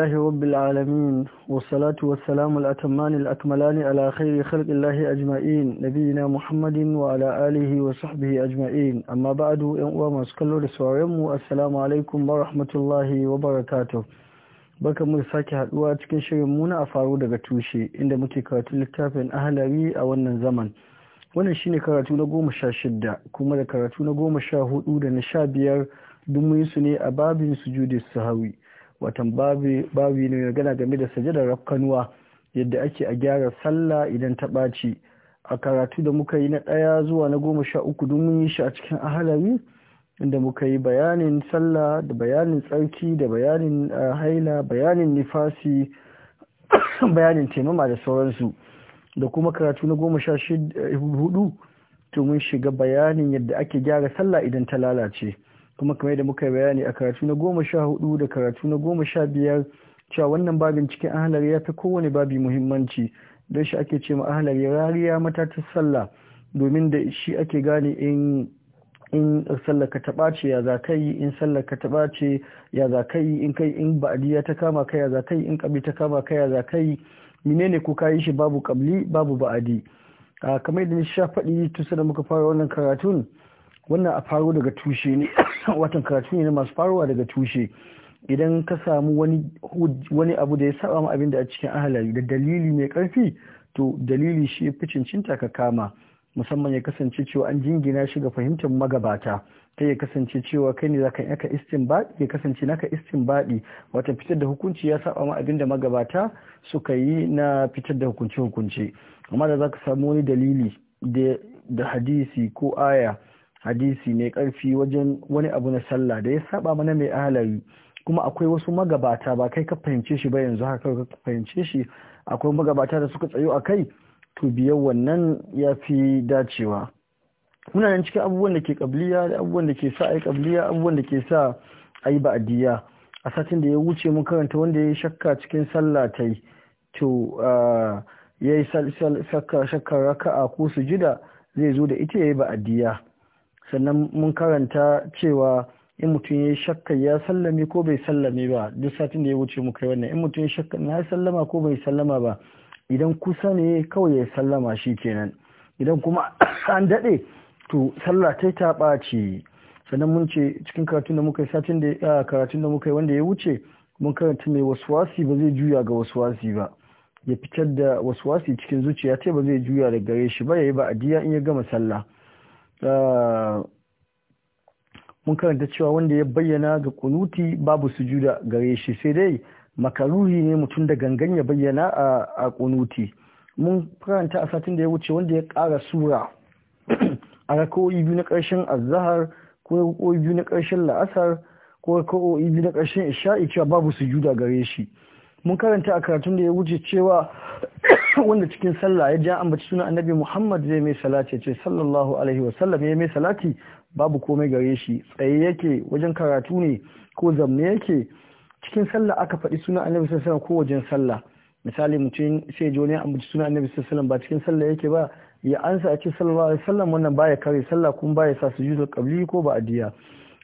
الله رب العالمين والصلاة والسلام الأتمان الأكملان على خير خلق الله أجمعين نبينا محمد وعلى آله وصحبه أجمعين أما بعد وما سكالو رسوارم السلام عليكم ورحمة الله وبركاته baka mu sake haduwa cikin shirin muna a faru daga tushe inda muke karatu littafin ahalari a wannan zaman wannan shine karatu na goma sha shidda kuma da karatu na goma sha hudu da na sha biyar su ne a babin sujudi sahawi watan babu ne mai gana game da sajadar rafkanuwa yadda ake a gyara sallah idan ta ɓaci a karatu da muka yi na ɗaya zuwa na goma sha uku don mun yi shi a cikin ahalari inda muka yi bayanin sallah da bayanin tsarki da bayanin haila bayanin nifasi bayanin taimama da sauransu da kuma karatu na goma sha eh, hudu to mun shiga bayanin yadda ake gyara sallah idan ta lalace kuma kamar da muka bayani a karatu na goma sha hudu da karatu na goma sha biyar cewa wannan babin cikin ahalar ya ta kowane babi muhimmanci don shi ake ce ma ahalar ya rariya matatar sallah domin da shi ake gane in in sallar ka taba ce ya za in sallar ka taba ce ya za in kai in ba'adiyya ta kama ka ya za in kabi ta kama ka ya za yi menene ko ka shi babu kabli babu ba'adi kamar yadda ni sha faɗi tusa da muka fara wannan karatun wannan a faro daga tushe ne watan karatu ne masu farowa daga tushe idan ka samu wani abu da ya saba ma abin da a cikin ahalari da dalili mai karfi to dalili shi fi cinta ka kama musamman ya kasance cewa an jingina shi ga fahimtar magabata ta ya kasance cewa kai ne zaka yaka baɗi ya kasance naka baɗi wata fitar da hukunci ya saba ma abin da magabata suka yi na fitar da hukunce hukunci amma da zaka samu wani dalili da hadisi ko aya hadisi ne karfi wajen wani abu na sallah da ya saba mana mai ahalari kuma akwai wasu magabata ba kai ka fahimce shi ba yanzu haka ka fahimce shi akwai magabata da suka tsayo a kai to biyar wannan ya fi dacewa muna nan cikin abubuwan da ke kabliya da abubuwan da ke sa a yi kabliya abubuwan da ke sa a yi ba'adiyya a satin da ya wuce mun karanta wanda ya yi shakka cikin sallah ta yi to ya yi shakka raka'a ko sujida zai zo da ita ya yi ba'adiyya sannan mun karanta cewa in mutum ya shakka ya sallame ko bai sallame ba duk satin da ya wuce mu kai wannan in mutum ya shakka na sallama ko bai sallama ba idan kusa ne kawai ya sallama shi kenan idan kuma an daɗe to sallah ta ta ɓaci sannan mun ce cikin karatun da muka yi satin da ya ah, karatun da muka yi wanda ya wuce mun karanta mai waswasi ba zai juya ga waswasi ba ya fitar da waswasi cikin zuciya ta ba zai juya da gare shi ba yayi ba adiya in ya gama sallah Ah, mun karanta cewa wanda ya bayyana ga kunuti babu sujuda gare shi sai dai makaruri ne mutum da gangan ya bayyana a kunuti mun karanta a satin da ya wuce wanda ya kara sura a rako'i biyu na karshen azahar ko rako'i biyu na karshen la'asar ko rako'i biyu na karshen isha'i cewa babu sujuda gare shi mun karanta a karatun da ya wuce cewa kan wanda cikin sallah ya ja ambaci sunan annabi Muhammad zai mai salati ce sallallahu alaihi wasallam ya mai salati babu komai gare shi tsaye yake wajen karatu ne ko zamne yake cikin sallah aka faɗi sunan annabi sallallahu alaihi ko wajen sallah misali mutum sai ji wani ya ambaci sunan annabi sallallahu alaihi ba cikin sallah yake ba ya ansa a ce sallallahu alaihi wasallam wannan baya kare sallah kuma baya sa su sujudul qabli ko adiya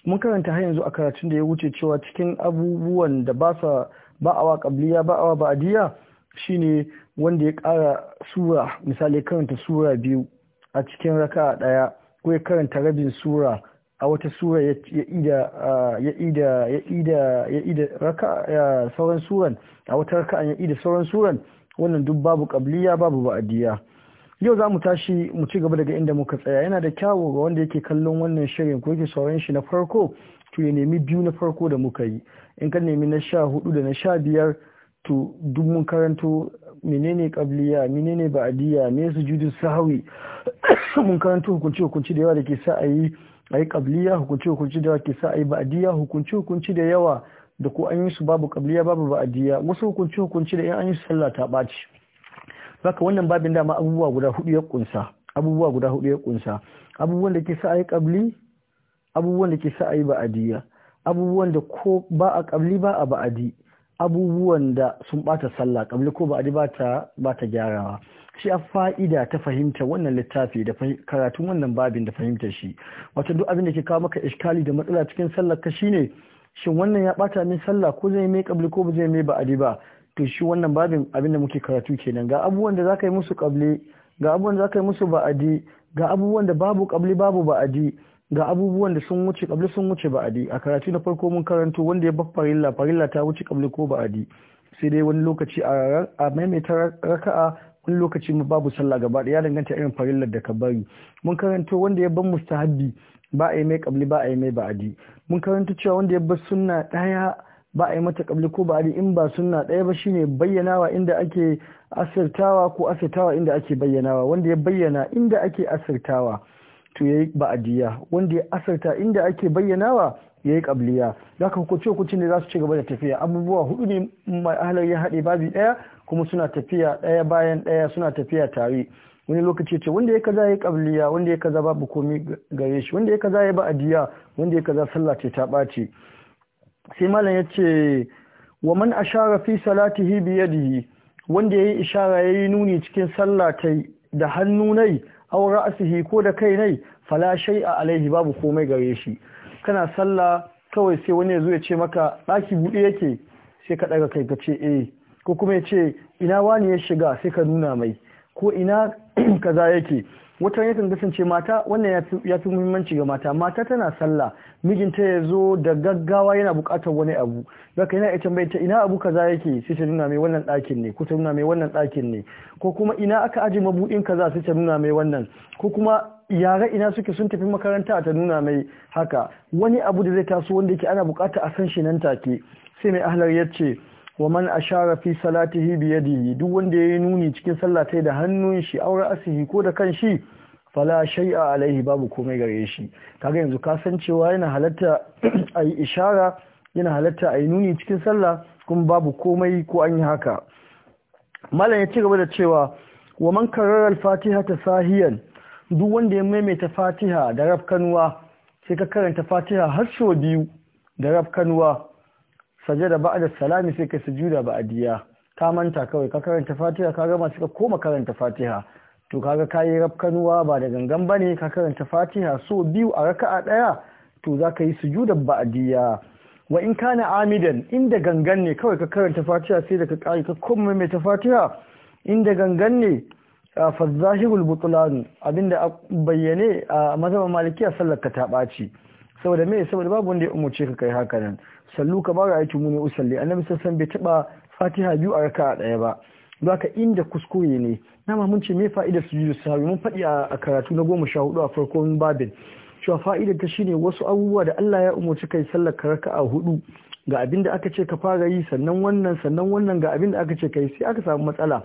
mun karanta har yanzu a karatun da ya wuce cewa cikin abubuwan da ba sa ba awa qabliya ba awa adiya shine wanda ya ƙara sura misali karanta sura biyu a cikin raka ɗaya ko ya karanta rabin sura a wata sura ya ida raka sauran suran a wata raka ya ida sauran suran wannan duk babu qabliya babu ba'diya yau za mu tashi mu ci gaba daga inda muka tsaya yana da kyawu ga wanda yake kallon wannan shirin ko yake sauran shi na farko to ya nemi biyu na farko da muka yi in ka nemi na sha hudu da na sha biyar to duk mun karanto menene kabliya menene ba'diya me sujudu sahwi mun karanto hukunci hukunci da yawa da ke sa ayi ayi qabliya hukunci hukunci da yawa ke sa ayi ba'diya hukunci hukunci da yawa da ko an yi su babu kabliya babu ba'diya wasu hukunci hukunci da in an yi sallah ta baci baka wannan babin dama abubuwa guda hudu ya kunsa abubuwa guda hudu ya kunsa abubuwan da ke sa ayi kabli abubuwan da ke sa ayi ba'diya abubuwan da ko ba a kabli ba a ba'di abubuwan da sun bata sallah kamar ko ba ba ta ba gyarawa shi a fa'ida ta fahimta wannan littafi da karatun wannan babin da fahimta shi wato duk abin da ke kawo maka iskali da matsala cikin sallah ka shine shin wannan ya bata min sallah ko zai mai kabli ko ba zai mai ba'adi ba to shi wannan babin abin da muke karatu kenan ga abubuwan da zaka yi musu kabli ga abubuwan da zaka yi musu ba'adi ga abubuwan da babu kabli babu ba'adi ga abubuwan da sun wuce kabli sun wuce ba'adi a karatu na farko mun karanto wanda ya bar farilla farilla ta wuce kabli ko ba'adi sai dai wani lokaci a maimaita raka'a wani lokaci mu babu sallah gaba ya danganta irin farillar da ka bari mun karanto wanda ya ban mustahabbi ba a yi mai kabli ba a yi mai ba'adi mun karanto cewa wanda ya bar sunna daya ba a yi mata kabli ko ba'adi in ba sunna daya ba shine bayyanawa inda ake asirtawa ko asirtawa inda ake bayyanawa wanda ya bayyana inda ake asirtawa to yayi ba'adiyya wanda ya asarta inda ake bayyanawa yayi za ka hukunce hukunci ne za su ci gaba da tafiya abubuwa hudu ne mai ahalar ya haɗe babi daya kuma suna tafiya ɗaya bayan ɗaya suna tafiya tare wani lokaci ce wanda ya kaza ya yi kabliya wanda ya kaza babu komai gare shi wanda ya kaza ya ba'adiyya wanda ya kaza sallah ce ta ɓaci sai malam ya ce wa man ashara fi salatihi biyadihi wanda wanda yi ishara ya yi nuni cikin sallah da hannu nai aw ra'sihi ko da kai nai fala shay'a alaihi babu komai gare shi kana sallah kawai sai wani yazo ya ce maka daki bude yake sai ka daga kai ka ce eh ko kuma ya ce ina wani ya shiga sai ka nuna mai ko ina kaza yake wata yakan ce mata wannan ya fi muhimmanci ga mata mata tana sallah mijinta ya zo da gaggawa yana bukatar wani abu zaka yana ita bai ta ina abu kaza yake sai ta nuna mai wannan ɗakin ne ko ta nuna mai wannan ɗakin ne ko kuma ina aka aje mabuɗin kaza sai ta nuna mai wannan ko kuma yara ina suke sun tafi makaranta ta nuna mai haka wani abu da zai taso wanda yake ana bukata a san shi nan take sai mai ahlar yace ce wa man ashara fi salatihi bi yadihi duk wanda yayi nuni cikin sallah tai da hannun shi aure asiri ko da kanshi fala shay'a alaihi babu komai gare shi kaga yanzu ka san cewa yana halatta ayi ishara yana halatta ayi nuni cikin sallah kuma babu komai ko an yi haka malam ya ci gaba da cewa wa man karara al-fatiha ta sahiyan duk wanda ya maimaita fatiha da rafkanuwa sai ka karanta fatiha har sau biyu da rafkanuwa sajada da salami sai kai sujuda ba'diya ka manta kawai ka karanta fatiha ka gama suka koma karanta fatiha to kaga kayi rafkanuwa ba da gangan bane ka karanta fatiha so biyu a raka'a daya to zaka yi sujuda adiya wa in kana amidan inda gangan ne kawai ka karanta fatiha sai da ka kare ka koma mai ta fatiha inda gangan ne fa zahirul butlan abinda bayyane a mazhaban malikiya sallar ka ta ɓaci saboda me saboda babu wanda ya umurce ka kai haka nan sallu kamar ra'aytu muni usalli annabi sassan bai taba fatiha biyu a raka daya ba haka inda kuskure ne na ma mun ce me fa'ida su su sahwi mun faɗi a karatu na goma sha hudu a farkon babin cewa fa'idar ta shine wasu abubuwa da Allah ya umarci kai sallar ka raka'a hudu ga abin da aka ce ka fara yi sannan wannan sannan wannan ga abin da aka ce ka sai aka samu matsala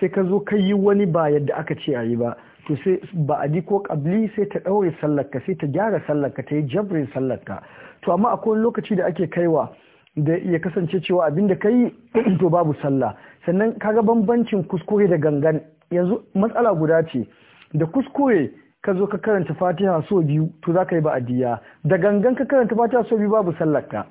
sai ka zo kai yi wani ba yadda aka ce a yi ba to sai ba a ko kabli sai ta ɗaure ka sai ta gyara ka ta yi jabrin ka to amma akwai lokaci da ake kaiwa da ya kasance cewa abin da kai to babu sallah sannan kaga bambancin kuskure da gangan yanzu matsala guda ce da kuskure ka zo ka karanta fatiha so biyu to za ka yi ba'adiyya da gangan ka karanta fatiha so biyu babu ka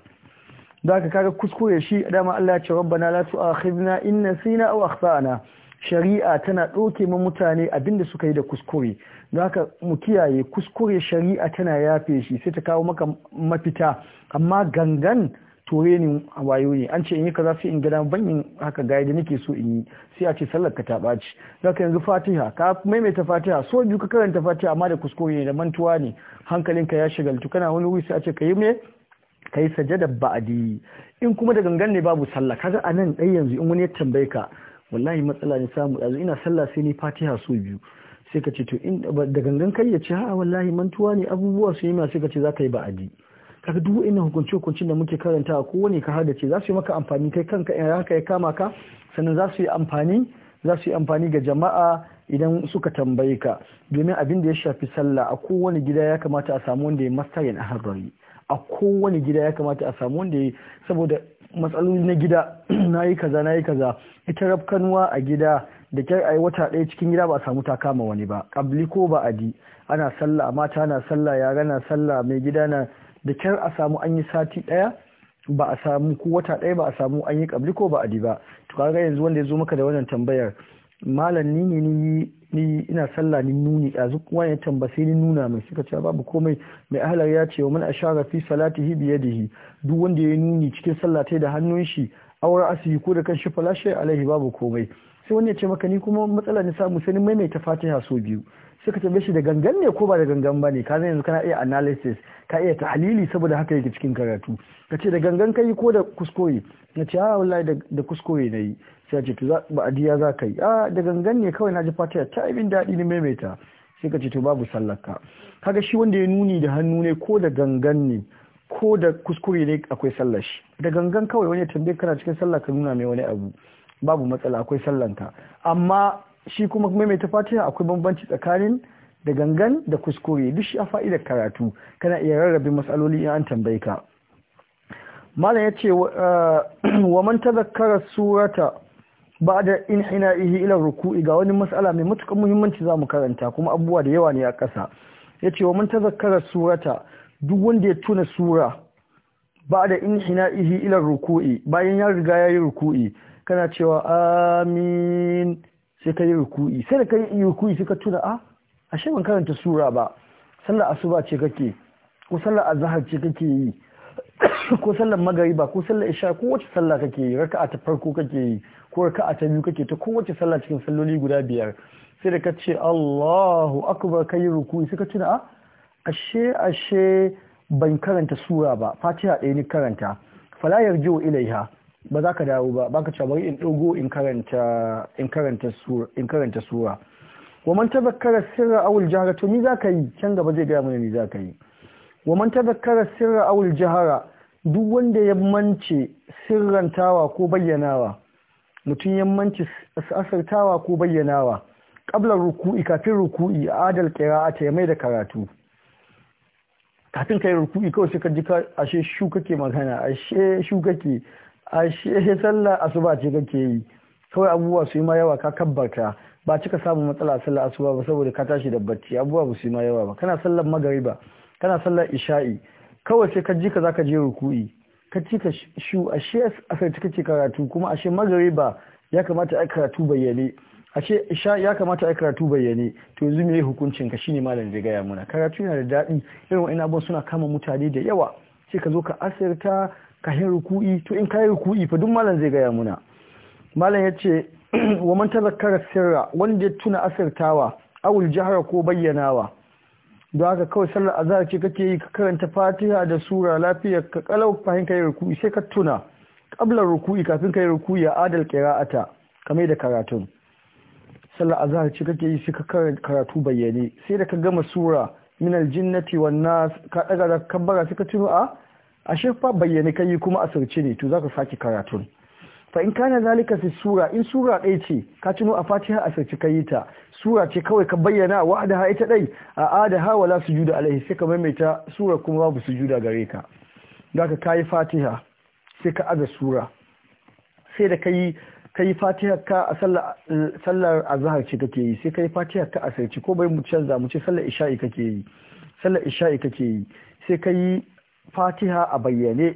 za ka kaga kuskure shi dama Allah ya ce rabbana la tu'akhidna in nasina aw akhtana shari'a tana ɗauke ma mutane abinda suka yi da kuskure haka mu kiyaye kuskure shari'a tana yafe shi sai ta kawo maka mafita amma gangan ture ni a wayo ne an ce in yi kaza sai in gada ban yin haka gaya da nake so in yi sai a ce sallar ka ta ɓaci ka yanzu fatiha ka maimaita fatiha so biyu ka karanta fatiha amma da kuskure ne da mantuwa ne hankalinka ya shagaltu kana wani wuri sai a ce ka yi me ka yi sajada ba'adi in kuma da gangan ne babu sallah kaga a nan ɗaya yanzu in wani ya tambaye ka wallahi matsala ne samu yanzu ina sallah sai ni fatiha so biyu sai ka ce to in da gangan kai ya ce ha wallahi mantuwa ne abubuwa su yi ma sai ka ce za ka yi ba'adi kaga duk wa'annan hukunce hukunci da muke karanta ko wani ka hada ce za su yi maka amfani kai kanka in haka ya kama ka sannan za su yi amfani za su yi amfani ga jama'a idan suka tambaye ka domin abin da ya shafi sallah a kowane gida ya kamata a samu wanda ya mastayin harari a kowane gida ya kamata a samu wanda ya saboda matsaloli na gida na yi kaza na yi kaza ita rafkanuwa a gida da kyar yi wata ɗaya cikin gida ba samu ta kama wani ba ƙabli ko ba adi ana sallah mata na sallah yara na sallah mai gida na da kyar a samu an yi sati ɗaya ba a samu ko wata ɗaya ba a samu an yi ƙabli ko ba adi ba to kaga yanzu wanda ya zo maka da wannan tambayar malam ni ne ni ina sallah ni nuni a zuk wani tamba sai ni nuna mai suka ce babu komai mai ahlar ya ce wa man ashara fi salatihi da yadihi duk wanda ya yi nuni cikin sallah ta da hannun shi auren asiri ko da kan shi falashe alaihi babu komai sai wani ya ce maka ni kuma matsala ne samu sai maimaita fatiha so biyu sai ka tambaye shi da gangan ne ko ba da gangan ba ne ka yanzu kana iya analysis ka iya tahlili saboda haka yake cikin karatu ka ce da gangan kai ko da kuskure na ce a ah, wallahi da kuskure na yi sai ce to ba adiya za ka yi a ah, da gangan ne kawai na ji fatiha ta abin daɗi ne maimaita sai ka ce to babu sallaka kaga shi wanda ya nuni da hannu ne ko da gangan ne ko da kuskure ne akwai sallar shi da gangan kawai wani tambaye kana cikin sallah ka nuna mai wani abu babu matsala akwai sallanta amma shi kuma maimaita fatiha akwai bambanci tsakanin da gangan da kuskure duk shi a fa'idar karatu kana iya rarrabe matsaloli in an tambaye ka malam ya ce wa eh, man tazakkara surata ba'da inhina'ihi ila ruku'i ga wani matsala mai matukar muhimmanci zamu karanta kuma abubuwa da yawa ne a ƙasa yace wa man tazakkara surata duk wanda ya tuna sura ba'da inhina'ihi ila ruku'i bayan ya riga ya yi ruku'i kana cewa amin sai ka yi ruku'i sai da ka yi ruku'i sai ka tuna a ah, ashe ban karanta sura ba sallar asuba ce kake ko sallar azhar ce kake yi ko sallar magariba ko sallar isha ko wace sallah kake yi raka'a ta farko kake yi ko raka'a ta biyu kake ta kowace sallah cikin salloli guda biyar sai da ka ce Allahu akbar yi ruku'i sai ka tuna a ah, ashe ashe ban karanta sura ba fatiha ɗaya ni karanta fala yarji'u ilaiha ba za ka dawo ba ba ka cewa bari in dogo in karanta sura wa man tazakkara sirra awul jahara to ni za ka yi can gaba zai ga mana ni za ka yi wa man tazakkara sirra awul jahara duk wanda ya mance sirrantawa ko bayyanawa mutum ya mance asartawa ko bayyanawa qabla ruku'i kafin ruku'i adal qira'ata ya mai da karatu kafin kai ruku'i kawai sai ka ji ashe shu kake magana ashe shu kake ashe sallar asuba ce kake yi kawai abubuwa su yi ma yawa ka kabbarta ba cika samun matsala a sallar asuba ba saboda ka tashi da barci abubuwa ba su yi ma yawa ba kana sallar magariba kana sallar isha'i kawai sai ka ji ka zaka je ruku'i ka ci ka shu ashe asar ta kake karatu kuma ashe magariba ya kamata ai karatu bayyane ashe isha ya kamata ai karatu bayyane to yanzu me hukuncin ka shine malam zai gaya muna karatu yana da daɗi irin wa'ina suna kama mutane da yawa sai ka zo ka asirta ka yi ruku'i to in ka yi ruku'i fa duk malam zai gaya muna malam ya ce wa man tazakkara sirra wanda ya tuna asirtawa awul jahra ko bayyanawa don haka kawai sallar azhar ce kake yi ka karanta fatiha da sura lafiyar ka kalau fahimta kai ruku'i sai ka tuna kablar ruku'i kafin ka yi ruku'i ya adal qira'ata kame da karatun sallar azhar ce kake yi sai ka karanta karatu bayyane sai da ka gama sura min jinnati wan nas ka daga kabbara sai ka tuna a ah, a fa bayyane kai kuma asirce ne to zaka saki karatun fa in kana zalika fi sura in sura ɗaya ce ka tuno a fatiha a asirce kai ta sura ce kawai ka bayyana wa'adaha ita ɗai a adaha wala sujuda alaihi sai ka maimaita sura kuma babu sujuda gare ka zaka kai fatiha sai ka aza sura sai da kai kai fatiha ka a sallar azhar ce kake yi sai kai fatiha ka asirce ko bai mu canza mu ce sallar isha'i kake yi sallar isha'i yi fatiha a bayyane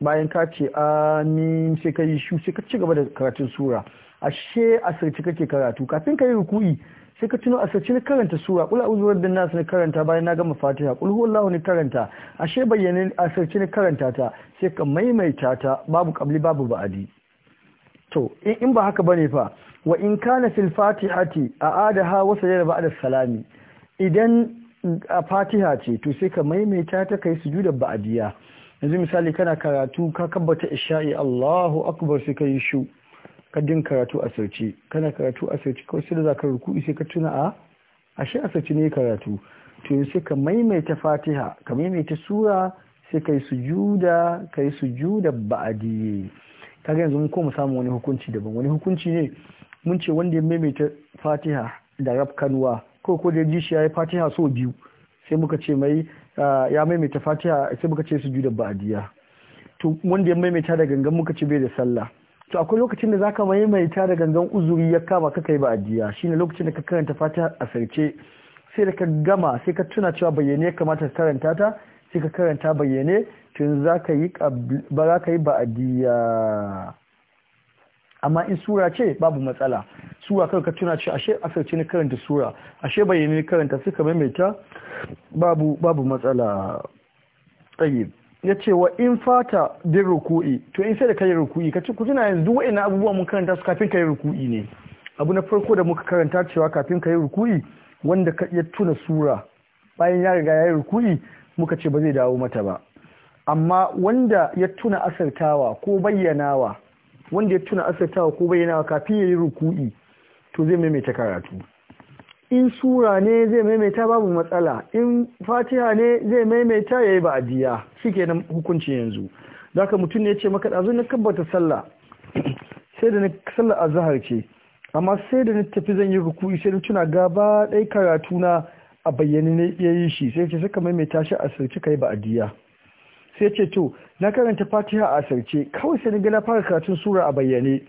bayan ka ce amin sai ka yi shu sai ka ci gaba da karatun sura ashe asirci kake karatu kafin ka yi ruku'i sai ka tuno asirci na karanta sura kula uzuwar da nasu na karanta bayan na gama fatiha kul huwallahu ni karanta ashe bayyane asirci na karanta ta sai ka maimaita ta babu kabli babu ba'adi to in ba haka bane fa wa in kana fil fatihati a'adaha wa sajada ba'da salami idan a fatiha ce to sai ka maimaita ta kai sujudar ba'adiyya yanzu misali kana karatu ka kabbata isha'i Allahu akbar sai ka yi shu ka din karatu a sarci kana karatu a sarci kawai sai da zaka ruku sai ka tuna a ah, ashe a sarci ne karatu to sai ka maimaita fatiha ka maimaita sura sai kai sujuda kai sujuda ba'adi kaga yanzu mun koma samu wani hukunci daban wani hukunci ne mun ce wanda ya maimaita fatiha da rafkanwa ko ko da jishi ya yi fatiha so biyu sai muka ce mai ah, ya maimaita fatiha sai muka ce sujuda ba'diya to wanda ya maimaita da gangan muka ce bai da sallah to akwai lokacin da zaka maimaita da gangan uzuri ya kama ka kai ba'diya shine lokacin da ka karanta fatiha a sarce sai da ka gama sai ka tuna cewa bayyane ya kamata ka karanta ta sai ka karanta bayyane tun za ka yi ba za ka yi ba'diya amma in sura ce babu matsala sura kawai ka tuna ce ashe asirce ni karanta sura ashe bayyane ni karanta suka maimaita babu matsala tsaye ya ce wa in fata din ruku'i to in sai da kayi ruku'i ka ci kutuna yanzu duk wa'ina abubuwa mun karanta su kafin kayi ruku'i ne abu na farko da muka karanta cewa kafin kayi ruku'i wanda ka iya tuna sura bayan ya riga ya yi ruku'i muka ce ba zai dawo mata ba amma wanda ya tuna asartawa ko bayyanawa wanda ya tuna asirtawa ko bayyanawa kafin ya yi ruku'i to zai maimaita karatu in sura ne zai maimaita babu matsala in fatiha ne zai maimaita ya yi ba'adiyya shikenan hukunci yanzu zaka ka mutum ya ce maka ɗazu na kabbata sallah sai da na sallah ce amma sai da na tafi zan yi ruku'i sai na tuna gaba ɗai karatu na a bayyane ne ya yi shi sai ce suka maimaita shi a sirci kai adiya sai ce to na karanta fatiha a asarce kawai sai na ga na fara karatun sura a bayyane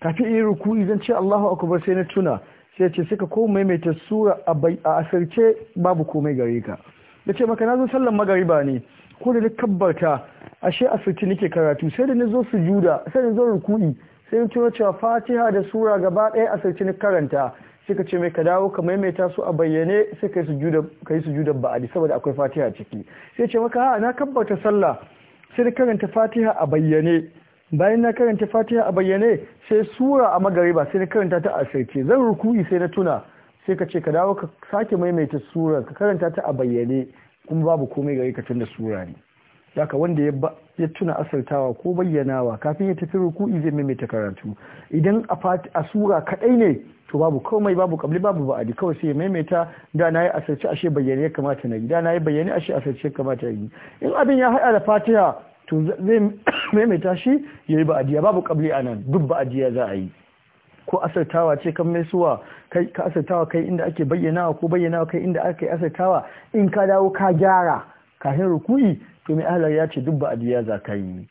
kafin in ruku'i zan ce Allahu akubar sai na tuna sai ce suka ko maimaita sura a asarce babu komai gare ka ya ce maka na zo sallan ba ne ko da na kabbarta ashe sarce nake karatu sai da na zo sujuda sai na zo ruku'i sai na tuna cewa fatiha da sura gaba ɗaya sarce na karanta suka ce mai ka dawo ka maimaita su a bayyane sai yi sujuda kai sujuda ba'adi saboda akwai Fatiha a ciki sai ce maka ha na kabbata sallah sai karanta Fatiha a bayyane bayan na karanta Fatiha a bayyane sai sura a magariba sai na karanta ta a sarki zan ruku'i sai na tuna sai ka ce ka dawo ka sake maimaita sura ka karanta ta a bayyane kuma babu komai gari ka tunda sura ne Daka wanda ya tuna asaltawa ko bayyanawa kafin ya tafi ruku'i zai maimaita karatu idan a sura kaɗai ne to babu komai babu kabli babu ba'adi kawai sai ya maimaita da nayi asirce ashe bayyane kamata na yi da nayi bayyane ashe asirce kamata na yi in abin ya haɗa da fatiha to zai maimaita shi yayi ba'adiya babu kabli anan duk ba'adiya za a yi ko asirtawa ce kan mai suwa ka asirtawa kai inda ake bayyanawa ko bayyanawa kai inda ake asirtawa in ka dawo ka gyara kafin rukui to mai ahlar ya ce duk ba'adiya za ka yi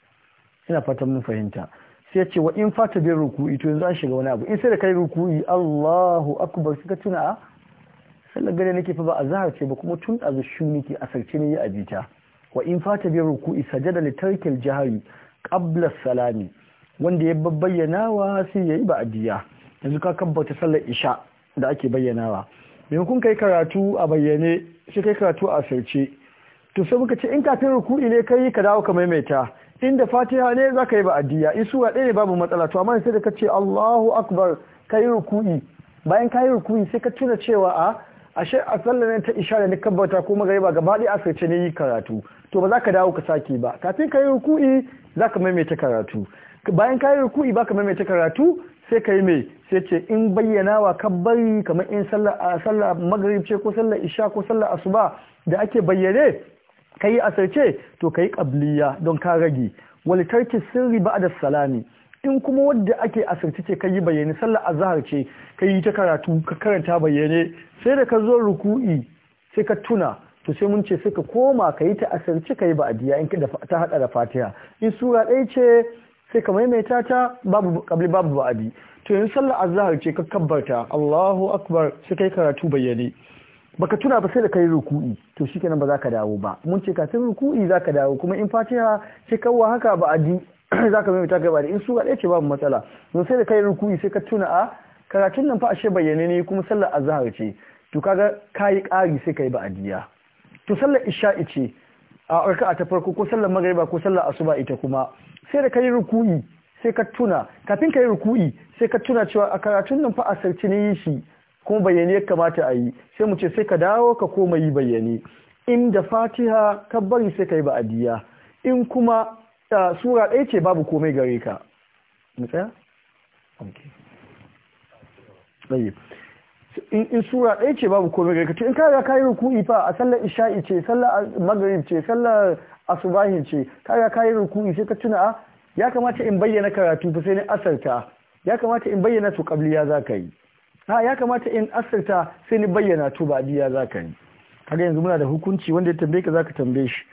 ina fatan mun fahimta sai ce wa in fata bin ruku'i to yanzu an shiga wani abu in sai da kai ruku'i Allahu akbar suka tuna a ah, sallar gare nake fa ba zahar ce ba kuma tun a shu nake asarce ne a jita wa in fata bin ruku'i sajada li tarkil jahri qabla salami wanda ya bayyanawa sai yayi ba adiya yanzu ka kabbata sallar isha da ake bayyanawa maimakon kai karatu a bayyane sai kai karatu a asarce to sai muka ce in kafin ruku'i ne kai ka dawo ka maimaita inda fatiha ne za ka yi in isuwa ɗaya ne babu matsala to amma sai da ka ce allahu akbar ka yi ruku'i bayan ka yi ruku'i sai ka tuna cewa a ah, ashe a sallar ta isha da na kabbata ko magariba gaba ɗaya asirce ne yi karatu to ba za ka dawo ka sake ba kafin ka yi ruku'i za ka maimaita karatu bayan ka yi ruku'i ba ka maimaita karatu sai ka yi mai sai ce in bayyana wa bari kamar in sallar magharib ce ko sallar isha ko sallar asuba da ake bayyane ka yi asirce to ka yi ƙabliya don ka rage walitarki sirri ba da salami in kuma wadda ake asirce ce ka yi bayyane sallar azahar ce ka yi ta karatu ka karanta bayyane sai da ka zo ruku'i sai ka tuna to sai mun ce sai ka koma ka yi ta asirce ka yi ba'adiyya in ta haɗa da fatiha in sura ɗaya ce sai ka maimaita ta babu kabli babu ba'adi to yin sallar azahar ce ka kabbarta Allahu akbar sai ka yi karatu bayyane baka tuna ba sai da kai ruku'i to shikenan ba za ka dawo ba mun ce kafin ruku'i za ka dawo kuma in fatiha sai kawwa haka ba adi za ka maimaita ba da in su ɗaya ce babu matsala mun sai da kai ruku'i sai ka tuna a ah, karatun nan fa ashe bayyane ne kuma sallar azhar ce to kaga kayi ƙari sai kai ba adiya to sallar isha'i ce a aka ta farko ko sallar magriba ko sallar asuba ita kuma sai da kai ruku'i sai ka tuna kafin kai ruku'i sai ka tuna cewa a karatun nan fa asarci ne yin shi kuma bayyane ya kamata a yi sai mu ce sai ka dawo ka koma yi bayyane in da fatiha ka bari sai ka yi ba'adiyya in kuma sura ɗaya ce babu komai gare ka in sura ɗaya ce babu komai gare ka to in ka ka yi ruku'i fa a sallar isha'i ce sallar maghrib ce sallar asubahi ce ka ka yi ruku'i sai ka tuna a ya kamata in bayyana karatu fa sai ni asarta ya kamata in bayyana su kabliya za ka yi ha ya kamata in asirta sai ni bayyana to ba za zaka yi kaga yanzu muna da hukunci wanda ya tambaye ka zaka tambaye shi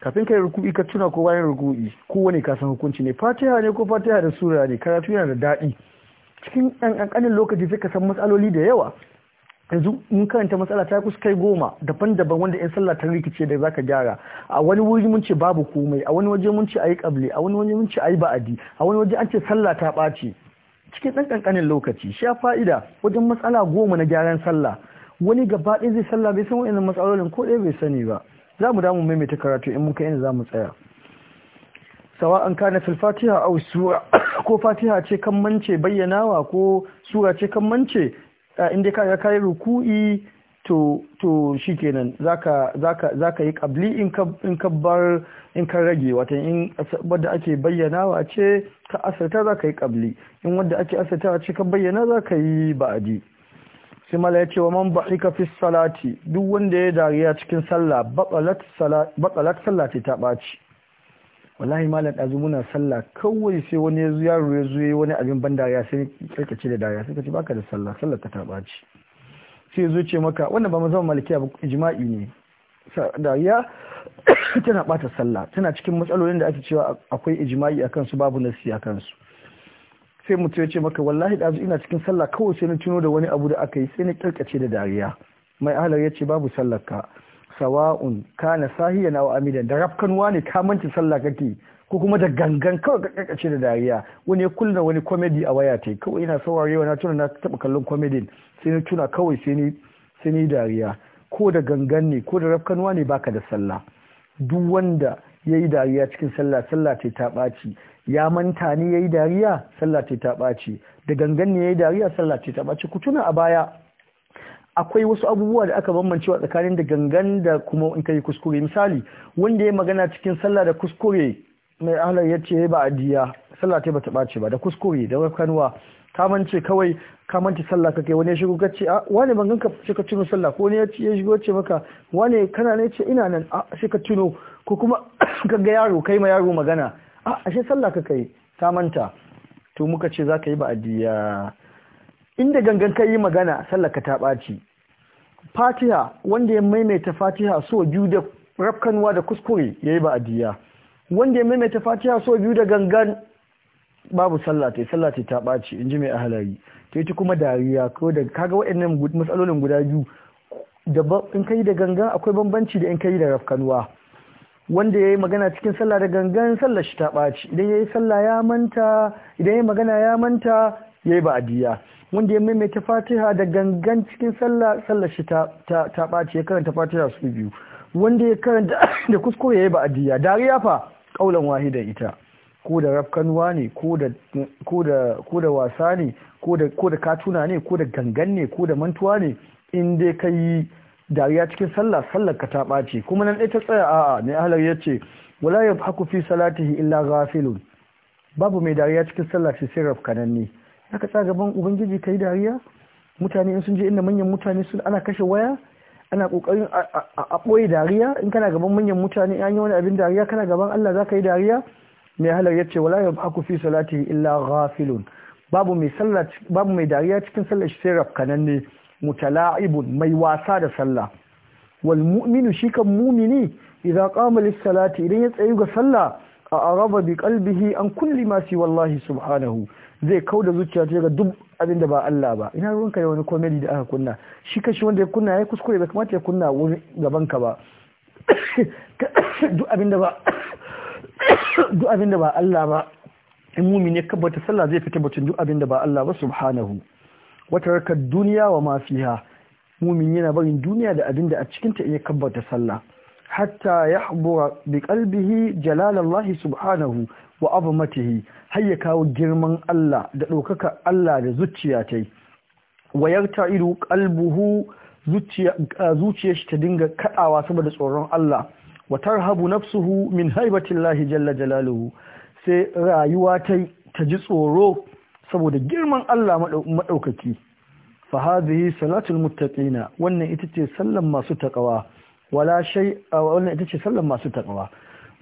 kafin kai rukubi ka tuna ko bayan ruku'i kowane ka san hukunci ne fatiha ne ko fatiha da sura ne karatu yana da daɗi cikin ɗan ƙanƙanin lokaci sai ka san matsaloli da yawa yanzu mun karanta matsala ta kusa kai goma daban-daban wanda yan sallah ta rikice da zaka gyara a wani wuri mun ce babu komai a wani waje mun ce ayi kabli a wani waje mun ce ayi ba'adi a wani waje an ce sallah ta ɓaci cikin ɗan ƙanƙanin lokaci sha fa'ida wajen matsala goma na gyaran sallah wani gaba ɗaya zai sallah bai san wa'annan matsalolin ko ɗaya bai sani ba za mu damu maimaita karatu in muka yi za mu tsaya sawa an kana fil fatiha aw ko fatiha ce kan mance bayyanawa ko sura ce kan mance inda ka ga kai ruku'i to to shikenan zaka zaka zaka yi kabli in ka in ka bar in ka rage wata in wanda ake bayyanawa ce ka asarta zaka yi kabli in wanda ake asartawa ce ka bayyana zaka yi ba'adi? sai mala ya ce wa man ba'ika fi salati duk wanda ya dariya cikin sallah baqalat salat baqalat sallati ta baci wallahi malam dazu muna sallah kawai sai wani ya zo ya wani abin ban dariya sai kirkace da dariya sai ka ce baka da sallah sallar ka ta baci sai zo ce maka wannan ba zama malikiya ba ijma'i ne dariya tana bata sallah tana cikin matsalolin da ake cewa akwai ijma'i a kansu babu nasi akan kansu. sai mutum ya ce maka wallahi da ina cikin sallah kawai sai na tuno da wani abu da aka yi sai na kirkace da dariya mai ahlar ya ce babu sallar ka sawa'un kana sahiyan aw amidan da rafkanuwa ne ka manta sallah kake ko kuma da gangan kawai kakakace da dariya wani ya kulla wani komedi a waya ta kawai ina saurarewa na tuna na taba kallon komedin sai na tuna kawai sai ni sai dariya ko da gangan ne ko da rafkanuwa ne baka da sallah duk wanda ya yi dariya cikin sallah sallah ta ta ɓaci ya manta ne ya yi dariya sallah ta ta ɓaci da gangan ne ya yi dariya sallah ta ta ɓaci ku tuna a baya akwai wasu abubuwa da aka bambancewa tsakanin da gangan da kuma in kai kuskure misali wanda ya magana cikin sallah da kuskure mai ahlar ya ce ba adiya sallah ta bata ɓace ba da kuskure da wakanwa ka mance kawai ka manta sallah kake wani ya shigo ka ce wani ban ganka sai ka tuno sallah ko ne ya shigo ce maka wani kana ne ce ina nan sai ka tuno ko kuma ka ga yaro kai ma yaro magana a ashe sallah ka kai ka manta to muka ce za ka yi ba'adiyya inda gangan ka yi magana sallah ka ta ɓaci fatiha wanda ya maimaita fatiha so biyu da rafkanwa da kuskure ya yi ba'adiyya wanda ya maimaita fatiha so biyu da gangan babu sallata sallata ta ɓaci in ji mai ahalari ta yi kuma dariya ko da kaga waɗannan matsalolin guda biyu in kai da gangan akwai bambanci da in kai da rafkanuwa wanda ya yi magana cikin sallah da gangan sallah shi ta ɓaci idan ya yi sallah ya manta idan ya yi magana ya manta ya yi ba'adiyya wanda ya maimaita fatiha da gangan cikin sallah sallah shi ta ɓaci ya karanta fatiha su biyu wanda ya karanta da kuskure ya yi ba'adiyya dariya fa kaulan wahida ita ko da rafkanuwa ne ko da wasa ne ko da katuna ne ko da gangan ne ko da mantuwa ne in dai ka yi dariya cikin sallah sallar ka ta ɓace kuma nan ɗaya ta tsaya a'a mai ahalar ya ce wala ya haku fi salatihi illa ghafilun babu mai dariya cikin sallah sai sai rafkananne ka tsaya gaban ubangiji ka yi dariya mutane in sun je inda manyan mutane sun ana kashe waya ana kokarin a ɓoye dariya in kana gaban manyan mutane an yi wani abin dariya kana gaban Allah za ka yi dariya mai halar ya ce wala ya haku fi salati illa ghafilun babu mai dariya cikin sallar shi sai rafkanan ne mutala'ibun mai wasa da sallah wal mu'minu shi kan mumini idan qama lis salati idan ya tsayu ga sallah a araba bi qalbihi an kulli ma si wallahi subhanahu zai kau da zuciya ta ga duk abin da ba Allah ba ina ka da wani komedi da aka kunna shi kashi wanda ya kunna ya kuskure bai kamata ya kunna wani gaban ka ba duk abin da ba Allah ba in mumin ya kabbata sallah zai fita batun duk abin da ba Allah ba subhanahu wata rakar duniya wa ma fiha mumin yana barin duniya da abin da a cikin ta ya kabbata sallah hatta yahbura bi kalbihi jalalallahi subhanahu wa matihi har ya kawo girman Allah da ɗaukaka Allah da zuciya ta yi wayar ta ido kalbuhu zuciya shi ta dinga kaɗawa saboda tsoron Allah wa tarhabu nafsuhu min lahi jalla jalaluhu sai rayuwa ta ta ji tsoro saboda girman Allah maɗaukaki fahazihi salatul muttaqina wannan ita ce sallan masu taƙawa. wala shay wannan ita ce sallan masu takawa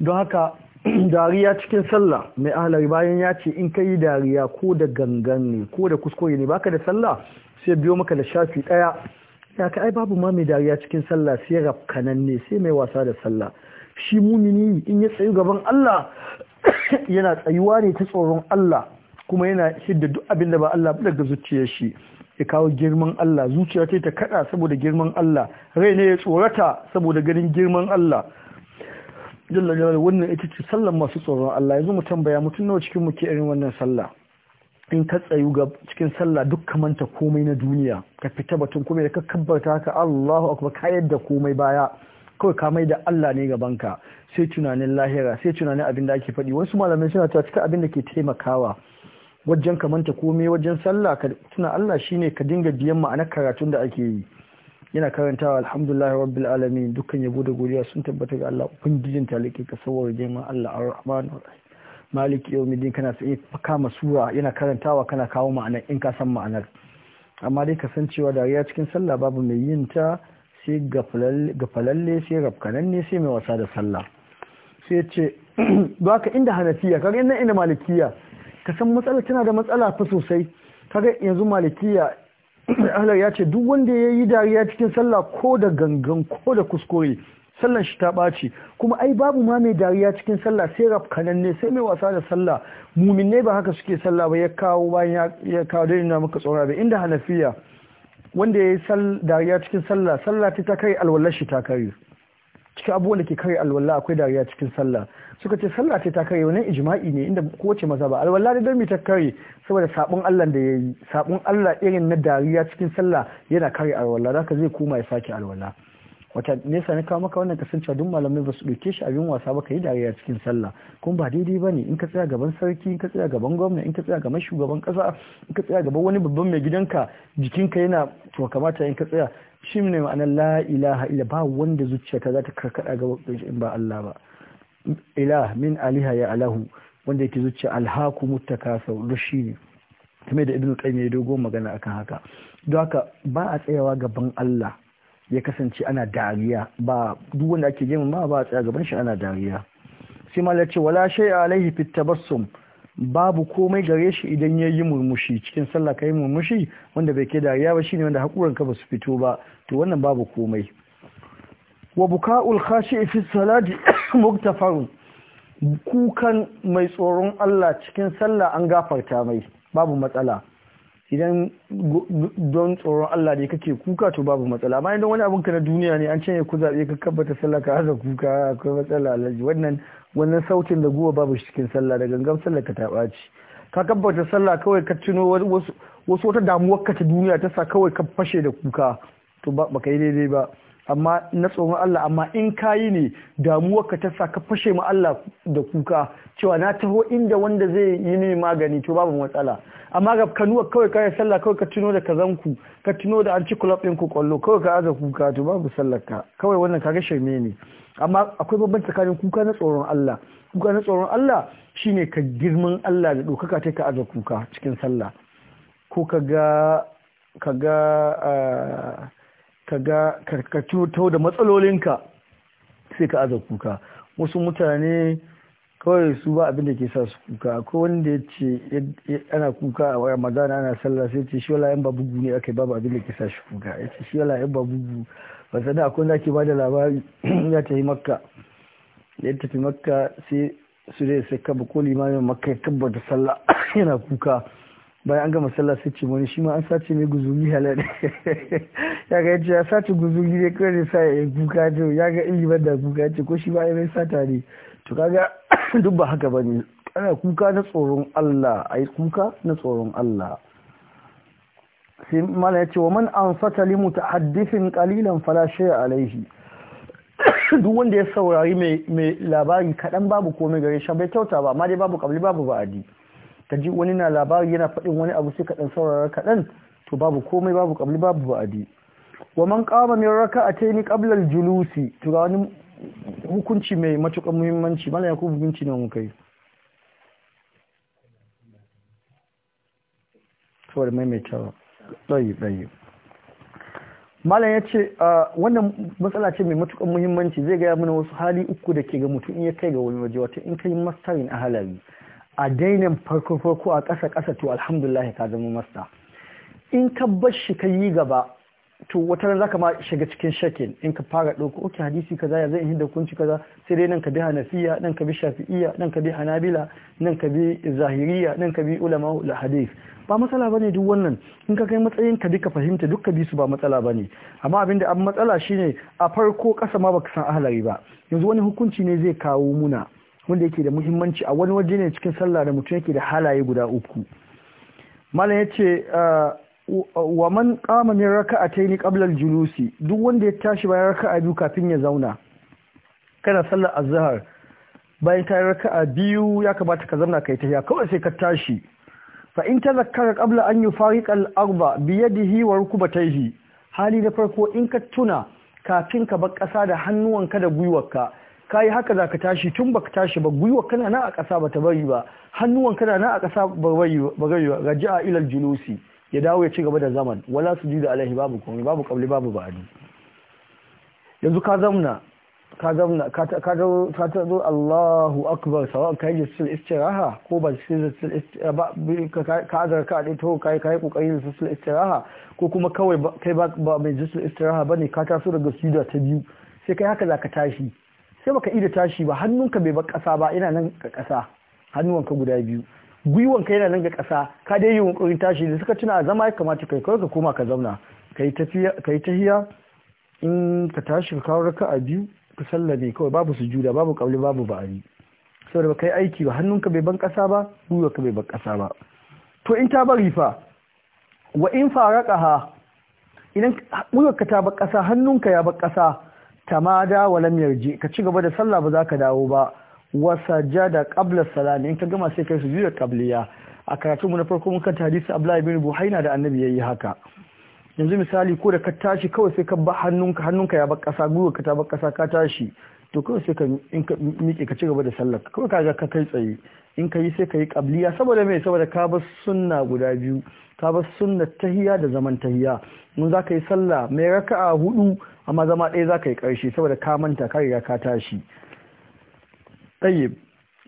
don haka dariya cikin sallah mai ahalar bayan ya ce in ka yi dariya ko da gangan ne ko da kuskure ne baka da sallah sai biyo maka da shafi ɗaya ya ka ai babu ma mai dariya cikin sallah sai rafkanan ne sai mai wasa da sallah shi mumini in ya tsayu gaban Allah yana tsayuwa ne ta tsoron Allah kuma yana hidda duk abin da ba Allah ba daga zuciyar shi ya kawo girman Allah zuciya ta kada saboda girman Allah rai ne ya tsorata saboda ganin girman Allah jalla jalla wannan ita ce sallar masu tsoron Allah yanzu mu tambaya mutum nawa cikin mu ke irin wannan sallah in ka tsayu ga cikin sallah duk kamanta komai na duniya ka fita batun komai da ka kabbata haka Allahu akbar ka yadda komai baya kawai ka mai da Allah ne gabanka sai tunanin lahira sai tunanin abin da ake faɗi wasu malamai suna ta cika abin da ke taimakawa wajen kamanta komai wajen sallah ka tuna Allah shine ka dinga biyan ma'anar karatun da ake yi yana karantawa alhamdulillah rabbil alamin dukkan yabo da godiya sun tabbata ga Allah ubangijin talike ka saboda jema Allah ar-rahman maliki yawmiddin kana sai kama sura yana karantawa kana kawo ma'anar in ka san ma'anar amma dai ka san cewa dariya cikin sallah babu mai yin ta sai gafalalle sai rafkananne sai mai wasa da sallah sai ce ba ka inda hanafiya ka ina ina malikiya ka san matsala tana da matsala fa sosai ga yanzu malikiya Allah ya ce duk wanda ya yi dariya cikin sallah ko da gangan ko da kuskure sallan shi ta ɓaci kuma ai babu ma mai dariya cikin sallah sai rafkanan ne sai mai wasa da sallah muminai ba haka suke sallah ba ya kawo bayan ya kawo dai na muka tsora bai inda hanafiya wanda ya yi dariya cikin sallah sallah ta kai alwallar shi ta kare cikin abubuwan da ke karya alwala akwai dariya cikin sallah suka ce sallah ce ta karya wani ijma'i ne inda kowace maza ba alwala da dami ta kare saboda sabon Allah da ya yi, sabon Allah irin na dariya cikin sallah yana kare alwala zaka zai koma ya sake alwala wata nesa na kawo maka wannan kasancewa duk malamai ba su ɗauke shi abin wasa ba ka yi dariya cikin sallah kuma ba daidai ba ne in ka tsaya gaban sarki in ka tsaya gaban gwamna in ka tsaya gaban shugaban ƙasa in ka tsaya gaban wani babban mai gidanka jikinka yana to kamata in ka tsaya shi ne ma'ana la ilaha illa ba wanda ta za ta karkada ga in ba Allah ba Ila min aliha ya alahu wanda yake zuciya alhaku mutakasa rushi ne kamar da ibnu qayyim ya dogo magana akan haka don haka ba a tsayawa gaban Allah ya kasance ana dariya ba duk wanda ake jima ma ba a tsaya gaban shi ana dariya sai ma ce wala shay'a alaihi fit tabassum babu komai gare shi idan ya yi murmushi cikin sallah ka yi murmushi wanda bai ke dariya ba shine wanda ka ba su fito ba to wannan babu komai wa buka'ul khashi fi salati muktafarun kukan mai tsoron Allah cikin sallah an gafarta mai babu matsala idan don tsoron Allah ne kake kuka to babu matsala amma idan wani ka na duniya ne an canye ku zaɓe ka kabbata sallah ka haza kuka akwai matsala alhaji wannan sautin da guwa babu cikin sallah da gangan sallah ka taɓa ci ka kabbata sallah kawai ka tuno wasu wata damuwar ka ta duniya ta sa kawai ka fashe da kuka to ba ka yi daidai ba amma na tsoron Allah amma in kayi ne damuwa ka ta ka fashe ma Allah da kuka cewa na taho inda wanda zai yi ne magani to babu matsala amma ga kanuwa kawai kai sallah kawai ka tuno da kazanku ka tuno da anci club ɗin ku kwallo kawai ka aza kuka to babu sallar ka kawai wannan kaga shirme ne amma akwai babban tsakanin kuka na tsoron Allah kuka na tsoron Allah shine ka girman Allah da dokaka ta ka aza kuka cikin sallah ko ka ga ka ga ah, ka ga karkacuto da matsalolinka sai ka aza kuka wasu mutane kawai su ba abin da ke sa su kuka Ko wanda ya ce ana kuka a ramadana ana sallah sai ce shi wala yan bugu ne aka yi babu abin da ke sa shi kuka ya ce shi wala yan bugu ba sani akwai wanda ke bada labari ya tafi makka ya tafi makka sai su dai sai kaba ko limamin makka ya tabbata sallah yana kuka bayan an gama sallah sai ce wani shi ma an sace mai guzuri halal ya ga yace ya sace guzuri ne kawai ne sa ya kuka ce ya ga in liban da guga ce ko shi ba ya mai sata ne to kaga duk ba haka bane ana kuka na tsoron Allah ai kuka na tsoron Allah sai mala yace wa man ansata li mutahaddithin qalilan fala shay'a alaihi duk wanda ya saurari mai labari kadan babu komai gare shi bai kyauta ba amma dai babu kabli babu ba'adi ka ji wani na labari yana faɗin wani abu sai ka ɗan saurara kaɗan to babu komai babu ƙabli babu ba'adi wa man ƙama min a taini al-julusi to ga wani hukunci mai matuƙar muhimmanci mala yakubu binci ne mun kai saboda maimaitawa ɗaya ɗaya malam ya ce wannan matsala ce mai matuƙar muhimmanci zai gaya mana wasu hali uku da ke ga mutum in ya kai ga wani waje wata in kai mastarin a halari a dainin farko farko a ƙasa ƙasa to alhamdulahi ka zama masta in ka bar shi ka yi gaba to wata ran zaka ma shiga cikin shakin in ka fara ɗauko oke hadisi kaza ya zai hinda kunci kaza sai dai nan ka bi hanafiya nan ka bi shafi'iya nan ka bi hanabila nan ka bi zahiriya nan ka bi ulama hadis ba matsala bane duk wannan in ka kai matsayin ka duka fahimta duk ka bi su ba matsala bane amma abinda an matsala shine a farko kasa ma baka san ahlari ba yanzu wani hukunci ne zai kawo muna wanda yake da muhimmanci a wani waje ne cikin sallah da mutum yake da halaye guda uku malam yace ah, wa man qama min raka'ataini qabla al-julusi duk wanda ya tashi bayan raka'a biyu kafin ya zauna kana sallar azhar bayan ka raka'a biyu ya kamata ka zauna kai tafiya kawai sai ka tashi fa in tazakkara qabla an yufariqa al-arba bi yadihi wa rukbatayhi hali da farko in ka tuna kafin ka bar ƙasa da hannuwanka da gwiwarka ka yi haka za ka tashi tun ba ka tashi ba gwiwa kana na a ƙasa ba ta bari ba hannuwan kana na a ƙasa ba bari ba raja'a ilal julusi ya dawo ya ci gaba da zaman wala su ji da alaihi babu komai babu qabli babu ba'di yanzu ka zamna ka zamna ka ta zo Allahu akbar sawa ka yi jisil istiraha ko ba jisil istiraha ka azar ka dai to kai kai kokarin sul istiraha ko kuma kawai kai ba mai jisil istiraha ne ka taso daga sujuda ta biyu sai kai haka za ka tashi sai baka iya tashi ba hannunka bai bar ƙasa ba yana nan ga ƙasa hannuwanka guda biyu gwiwanka yana nan ga ƙasa ka dai yi yunkurin tashi da suka tuna zama ya kamata kai kawai ka koma ka zauna ka yi tafiya in ka tashi ka kawo raka a biyu ka sallame kawai babu sujuda babu ƙauli babu ba'ari saboda yi aiki ba hannunka bai ban ƙasa ba Gwiwanka bai ban ƙasa ba to in ta bari fa wa in faraqaha idan gwiwanka ta ban ƙasa hannunka ya ban ƙasa tamada wa lam yarji ka ci gaba da sallah ba za ka dawo ba wa sajada qabla Salam in ka gama sai kai da qabliya a karatunmu na farko mun kanta hadisi Abdullahi bin Buhaina da Annabi yayi haka yanzu misali ko da ka tashi kawai sai ka ba hannunka hannunka ya bar kasa gwiwa ka ta bar kasa ka tashi to kawai sai ka in ka miƙe ka ci gaba da sallar kawai kaga ka kai tsaye in ka yi sai ka yi qabliya saboda me saboda ka bar sunna guda biyu ka bar sunna tahiya da zaman tahiya mun za ka yi sallah mai raka'a hudu amma zama ɗaya za ka yi ƙarshe saboda ka manta ka riga ka tashi tayyib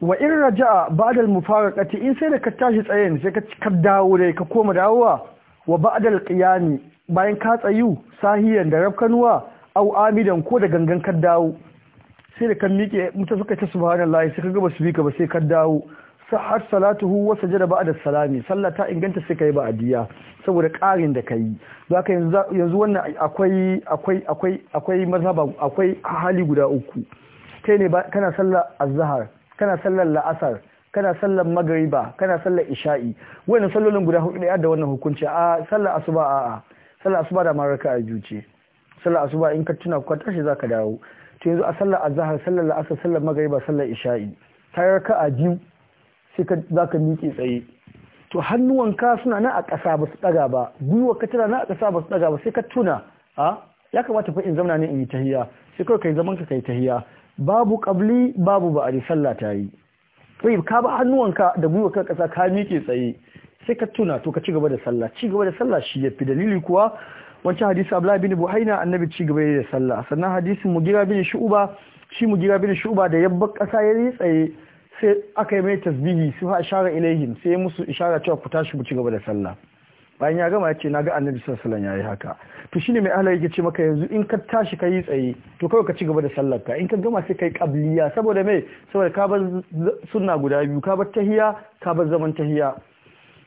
wa in raja'a ba'da al-mufaraqati in sai da ka tashi tsayen sai ka dawo dai ka koma dawowa wa ba'da al-qiyami bayan ka tsayu sahiyan da rafkanuwa au amidan ko da gangan ka dawo sai da kan miƙe mutum suka ce subhanallahi sai kaga basu bika ba sai ka dawo sahar salatuhu wa sajada ba'da salami sallah ta inganta sai kai ba'diya saboda ƙarin da kai zaka yanzu yanzu wannan akwai akwai akwai akwai mazhaba akwai hali guda uku kai ne kana sallar azhar kana sallar la'asar kana sallar magriba kana sallar isha'i wannan sallolin guda hudu da wannan hukunci a sallar asuba a sallar asuba da maraka a juce sallar asuba in ka tuna ka tashi zaka dawo to yanzu a sallar azahar sallar la'asar sallar magariba sallar isha'i ta raka a biyu sai ka zaka miƙe tsaye to hannuwanka suna na a ƙasa ba su ɗaga ba gwiwa ka tana na a ƙasa ba su ɗaga ba sai ka tuna a ya kamata fa in zamana ne in yi tahiya sai kawai yi zaman ka ka yi tahiya babu qabli babu a sallah ta yi sai ka ba hannuwanka da gwiwa ka ƙasa ka miƙe tsaye sai ka tuna to ka ci gaba da sallah ci gaba da sallah shi yafi dalili kuwa wancan hadisi abdullahi bu buhaina annabi ci gaba da sallah sannan hadisin mugira bin shu'uba shi mugira bin Shu'uba da yabba kasa ya yi tsaye sai aka yi mai tasbihi su ha ishara ilayhim sai musu ishara cewa ku tashi mu ci gaba da sallah bayan ya gama ya ce naga annabi sallallahu alaihi wasallam yayi haka to shine mai ahlai yake ce maka yanzu in ka tashi ka yi tsaye to kawai ka ci gaba da sallar ka in ka gama sai kai qabliya saboda mai saboda ka bar sunna guda biyu ka bar tahiya ka bar zaman tahiya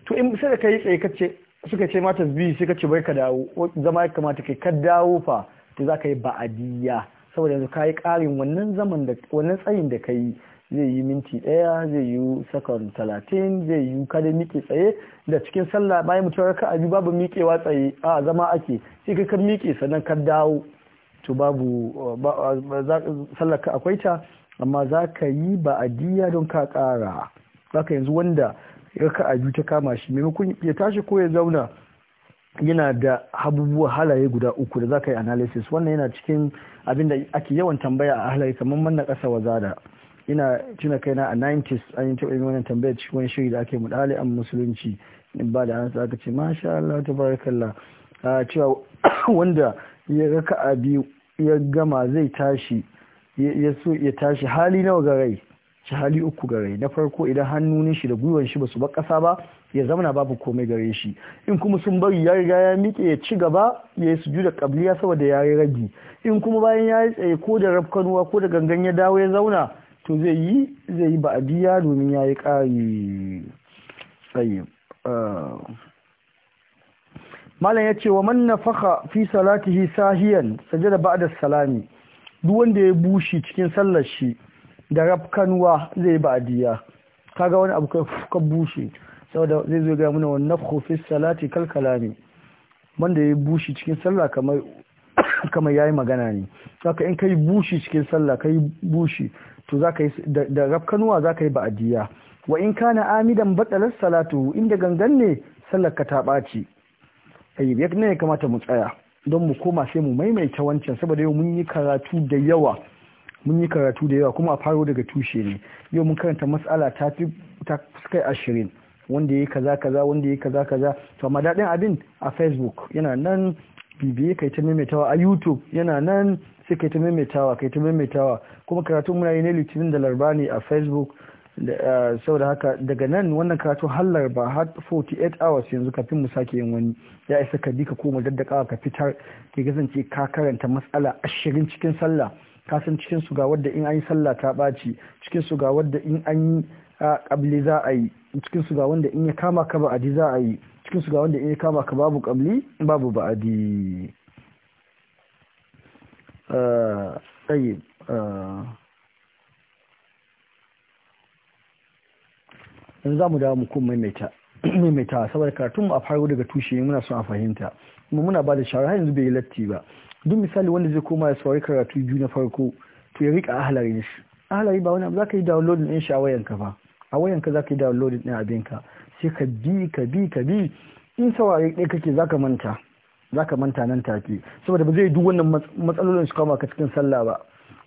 to in sai da ka yi tsaye ka ce suka ce mata biyu sai ka ce bai ka dawo zama ya kamata kai ka dawo fa to za ka yi ba'adiyya saboda yanzu ka yi ƙarin wannan zaman da wannan tsayin da ka yi zai yi minti ɗaya zai yi sakon talatin zai yi kada miƙe tsaye da cikin sallah bayan mutuwar ka abi babu miƙewa tsaye a zama ake sai ka kan miƙe sannan ka dawo to babu sallar ka akwai ta amma za ka yi ba'adiyya don ka ƙara za ka yanzu wanda raka'a biyu ta kama shi maimakon ya tashi ko ya zauna yana da abubuwa halaye guda uku da za ka yi analysis wannan yana cikin abin da ake yawan tambaya a halaye kamar manna kasa wa zada ina tuna kaina a 90s an yi taɓa wannan tambaya cikin wani shiri da ake muɗali an musulunci ba da hansu aka ce masha Allah ta a cewa wanda ya a biyu ya gama zai tashi ya so ya tashi hali nawa ga rai ci hali uku gare na farko idan hannun shi da gwiwan shi basu bar kasa ba ya zamana babu komai gare shi in kuma sun bari ya riga ya miƙe ya ci gaba ya yi sujuda kabliya saboda ya yi ragi in kuma bayan ya yi tsaye ko da rafkanuwa ko da gangan ya dawo ya zauna to zai yi zai yi ba'adiyya domin ya yi ƙari tsaye ah. malam ya ce wa man nafaka fi salatihi sahiyan sajada ba'da salami duk wanda ya bushe cikin sallar shi da rafkanuwa zai ba adiya kaga wani abu ka bushe saboda zai zo ga muna wannan khufis salati kal kalami wanda ya bushe cikin sallah kamar kamar yayi magana ne saka in kai bushe cikin sallah kai bushe to zaka yi da rafkanuwa zaka yi ba adiya wa in kana amidan batalar salatu inda gangan ne sallar ka ta ɓaci ayyub ya kamata mu tsaya don mu koma sai mu maimaita wancan saboda yau mun yi karatu da yawa mun yi karatu da yawa kuma a faro daga tushe ne yau mun karanta matsala ta fi ta kai ashirin wanda ya kaza kaza wanda ya kaza kaza to amma daɗin abin a facebook yana nan bibiye kai ta maimaitawa a youtube yana nan sai kai ta maimaitawa kai ta maimaitawa kuma karatu muna yi ne litinin da larba ne a facebook saboda haka daga nan wannan karatu har larba har 48 hours yanzu kafin mu sake yin wani ya isa ka bi ka koma daddaka ka fitar ke kasance ka karanta matsala ashirin cikin sallah kasan cikin su ga wadda in an yi sallah ta ɓaci cikin su ga wadda in an yi ƙabli za a yi cikin su ga wanda in ya kama ka ba'adi za a yi cikin su ga wanda in ya kama ka babu ƙabli babu ba'adi tsaye yanzu za mu dawo mu kuma maimaita maimaita saboda karatunmu a faru daga tushe muna son a fahimta kuma muna ba da shawara yanzu bai yi latti ba duk misali wanda zai koma ya saurari karatu biyu na farko to ya rika ahalari ne shi ahalari ba wani za ka yi downloading din shi a wayanka ba a wayanka za ka yi downloading din abinka sai ka bi ka bi ka bi in saurari ɗaya kake za ka manta za ka manta nan take saboda ba zai duk wannan matsalolin su kama ka cikin sallah ba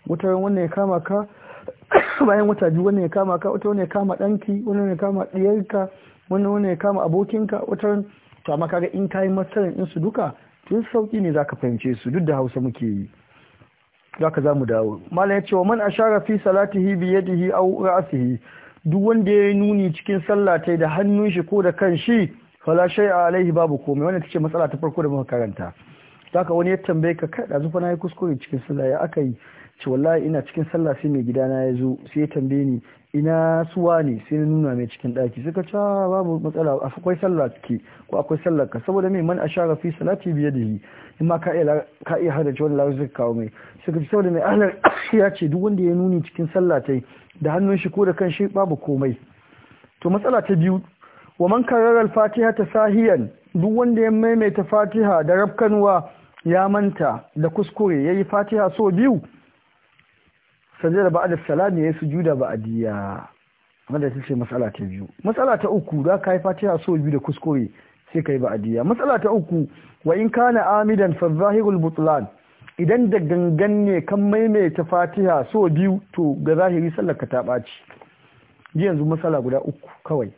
wata wannan ya kama ka bayan wata biyu wannan ya kama ka wata wannan ya kama ɗanki wannan ya kama ɗiyarka wannan wannan ya kama abokinka wata to amma kaga in kayi matsalar in su duka tun sauki ne za ka fahimce su duk da Hausa muke yi za ka za mu dawo malam ya ce wa man ashara fi salatihi bi yadihi aw ra'sihi duk wanda ya nuni cikin sallah tai da hannun shi ko da kan shi fala shay alaihi babu komai wannan tace matsala ta farko da muka karanta zaka wani ya tambaye ka kai da zufa na yi kuskure cikin sallah ya aka yi ce wallahi ina cikin sallah sai mai gidana ya zo sai ya tambaye ni ina suwa ne sai na nuna mai cikin daki suka ce ah, babu matsala akwai sallah ke ko akwai sallar ka saboda mai man ashara fi salati biye da yi in ma ka iya ka iya hada wani lafi kawo mai suka ce saboda mai ahlar ya ce duk wanda ya nuni cikin sallah ta da hannun shi ko da kan shi babu komai to matsala ta biyu wa man karara al-fatiha ta sahiyan duk wanda ya maimaita fatiha da rabkanwa ya manta da kuskure yayi fatiha so biyu sanje da da salami ya sujuda ba adiya wanda ta ce matsala ta biyu matsala ta uku za ka yi fatiha so biyu da kuskure sai ka yi ba matsala ta uku wa in kana amidan fa zahirul butlan idan da gangan ne kan maimaita fatiha so biyu to ga zahiri sallar ka ta ɓaci ji yanzu matsala guda uku kawai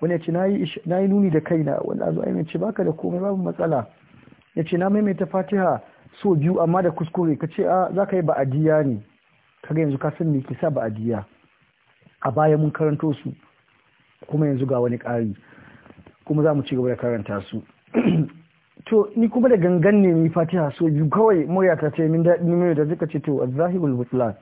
wani ya ce na yi nuni da kaina wani a zuwa ce baka da komai babu matsala ya ce na maimaita fatiha so biyu amma da kuskure ka ce a za ka yi ba'adiyya ne kaga yanzu ka san me ke sa ba diya a baya mun karanto su kuma yanzu ga wani ƙari kuma za mu ci gaba da karanta su to ni kuma da gangan ne ni fatiha so biyu kawai murya ta ce min daɗi ne da zika ce to azahirul mutlan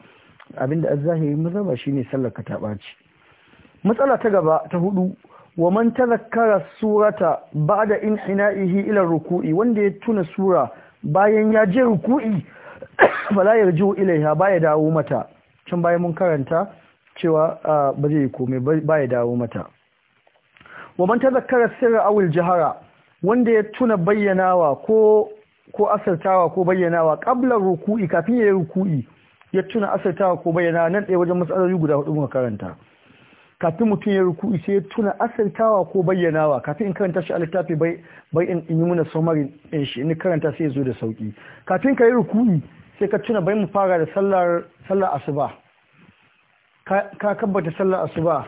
abinda maza mazaba shine sallar ka ta matsala ta gaba ta hudu wa man tazakkara surata ba'da inhina'ihi ila ruku'i wanda ya tuna sura bayan ya je ruku'i fala yarju ilaiha baya dawo mata tun bayan mun karanta cewa ba zai komai baya dawo mata wa man tazakkara sirra awil jahara wanda ya tuna bayyanawa ko ko asaltawa ko bayyanawa qabla ruku'i kafin ya yi ruku'i ya tuna asartawa ko bayyanawa nan ɗaya wajen matsaloli guda hudu mun karanta kafin mutum ya ruku sai ya tuna asaltawa ko bayyanawa kafin in karanta shi a littafi bai in yi muna summary in shi in karanta sai ya zo da sauki kafin ka yi ruku'i sai ka tuna bai mu fara da sallar sallar asuba ka kabbata sallar asuba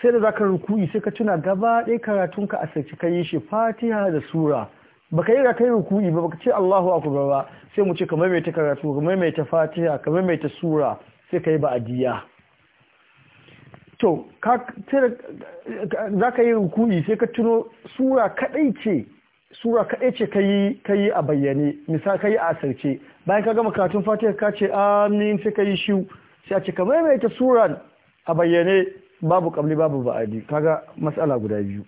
sai da zaka ruku'i sai ka tuna gaba ɗaya karatun ka asirci ka yi shi fatiha da sura baka yi ka yi ruku'i ba baka ce Allahu akbar ba sai mu ce ka maimaita karatu ka maimaita fatiha ka maimaita sura sai ka yi ba'adiyya to ka za ka yi rukuni sai ka tuno sura kaɗai ce sura kaɗai ce ka yi a bayyane misal ka yi a asirce bayan ka gama karatun fatiha ka ce amin sai ka yi shiu sai a ce ka maimaita suran a bayyane babu kabli babu ba'adi kaga matsala guda biyu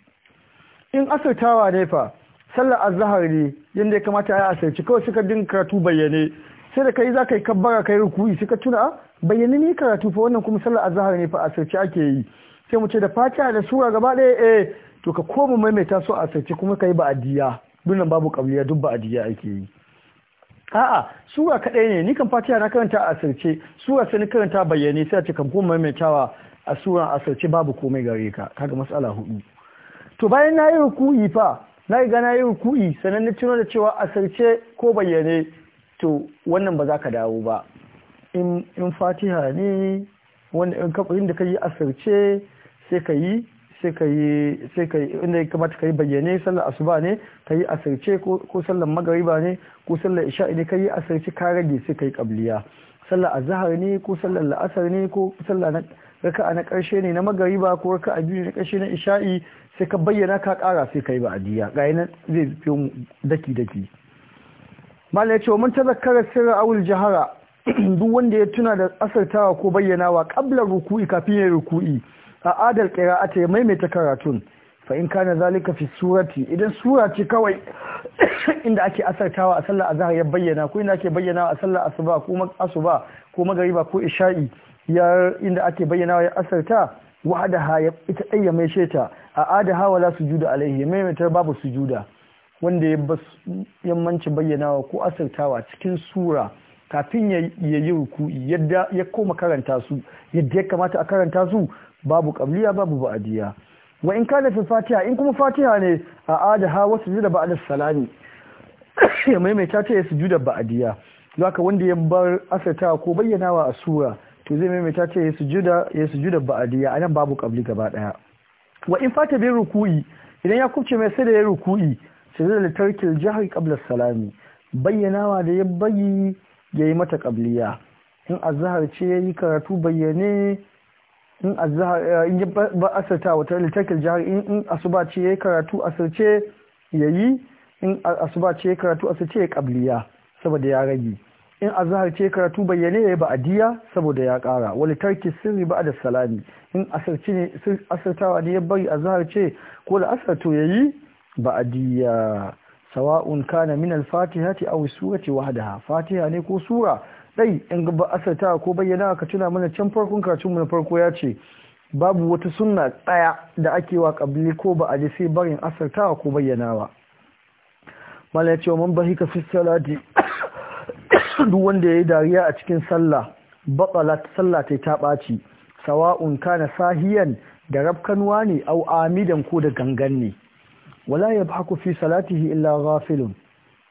in asirtawa ne fa sallar azhar ne yanda ya kamata ya asarci kawai suka dinga karatu bayyane sai da kai za ka yi kabbara kai rukuyi sai ka tuna ah, bayyane ne karatu fa wannan kuma sallar azhar ne fa asirce ake yi sai mu ce da fatiha da sura gaba ɗaya eh to ka koma maimaita su a kuma kai ba adiya dunan babu kabliya duk ba adiya ake yi a'a sura kaɗai ne ni kan fatiha na karanta a asirce sura sai ni karanta bayyane sai a ce kan koma maimaitawa a sura asirce babu komai gare ka kaga matsala hudu to bayan na yi rukuyi fa na yi na yi rukuyi sannan na tuno da cewa asirce ko bayyane to wannan ba za ka dawo ba in fatiha ne wanda in ka inda ka yi asirce sai ka yi sai ka yi sai ka yi inda ya kamata ka yi bayyane sallar asuba ne ka yi asirce ko sallar magariba ne ko sallar isha ne ka yi asirce ka rage sai ka yi kabliya sallar azahar ne ko sallar la'asar ne ko sallar raka'a na karshe ne na magariba ko raka'a biyu na karshe na isha'i sai ka bayyana ka kara sai ka yi ba'adiyya ga nan zai fi daki daki mala ya ce mun tazakkara sirra awul jihara duk wanda ya tuna da asartawa ko bayyanawa kablar ruku'i kafin ya ruku'i a adal qira'ata ya maimaita karatun fa in kana zalika fi surati idan sura ce kawai inda ake asartawa a sallar azhar ya bayyana ko inda ake bayyana a sallar asuba ko asuba ko magariba ko isha'i ya inda ake bayyana ya asarta ya ita ɗaya mai sheta a adaha wala sujuda alaihi maimaita babu sujuda wanda ya bas yammanci bayyanawa ko asirtawa cikin sura kafin ya yi ruku'i yadda ya koma karanta su yadda ya kamata a karanta su babu kabliya babu ba'adiyya. wa in kana fi fatiha in kuma fatiha ne a adaha ji da ba'adar salami ya maimaita ta ya sujuda ba'diya zaka wanda ya bar asirtawa ko bayyanawa a sura to zai maimaita ta ya sujuda ya sujuda ba'diya anan babu kabli gaba daya wa in fata bi ruku'i idan ya kubce mai sai da ya ruku'i sirri da tarkil jihar qabla salami bayyanawa da ya bayi yi mata qabliya in zahar ce ya yi karatu bayyane in zahar eh, in ba asirta wata litakil jihar in asuba ce ya yi karatu asirce yi in asuba ce karatu asirce ya qabliya saboda ya rage in zahar ce karatu bayyane ya yi ba'diya saboda ya kara wani tarki sirri da salami in asirci ne asirtawa ne ya bari zahar ce ko da asar ya yi. ba'diyya sawa'un kana min al-fatihati aw surati wahdaha fatiha ne ko sura dai in ba asata ko bayyana ka tuna mana can farkon karatun mu na farko ya ce babu wata sunna tsaya da ake wa kabili ko ba a sai barin asarta ko bayyanawa mala ya ce man bahi ka fi salati duk wanda ya yi dariya a cikin sallah baƙala sallah ta ta ɓaci sawa'un kana sahiyan da rabkanwa ne au amidan ko da gangan ne wala haku fi salatihi illa ghafilun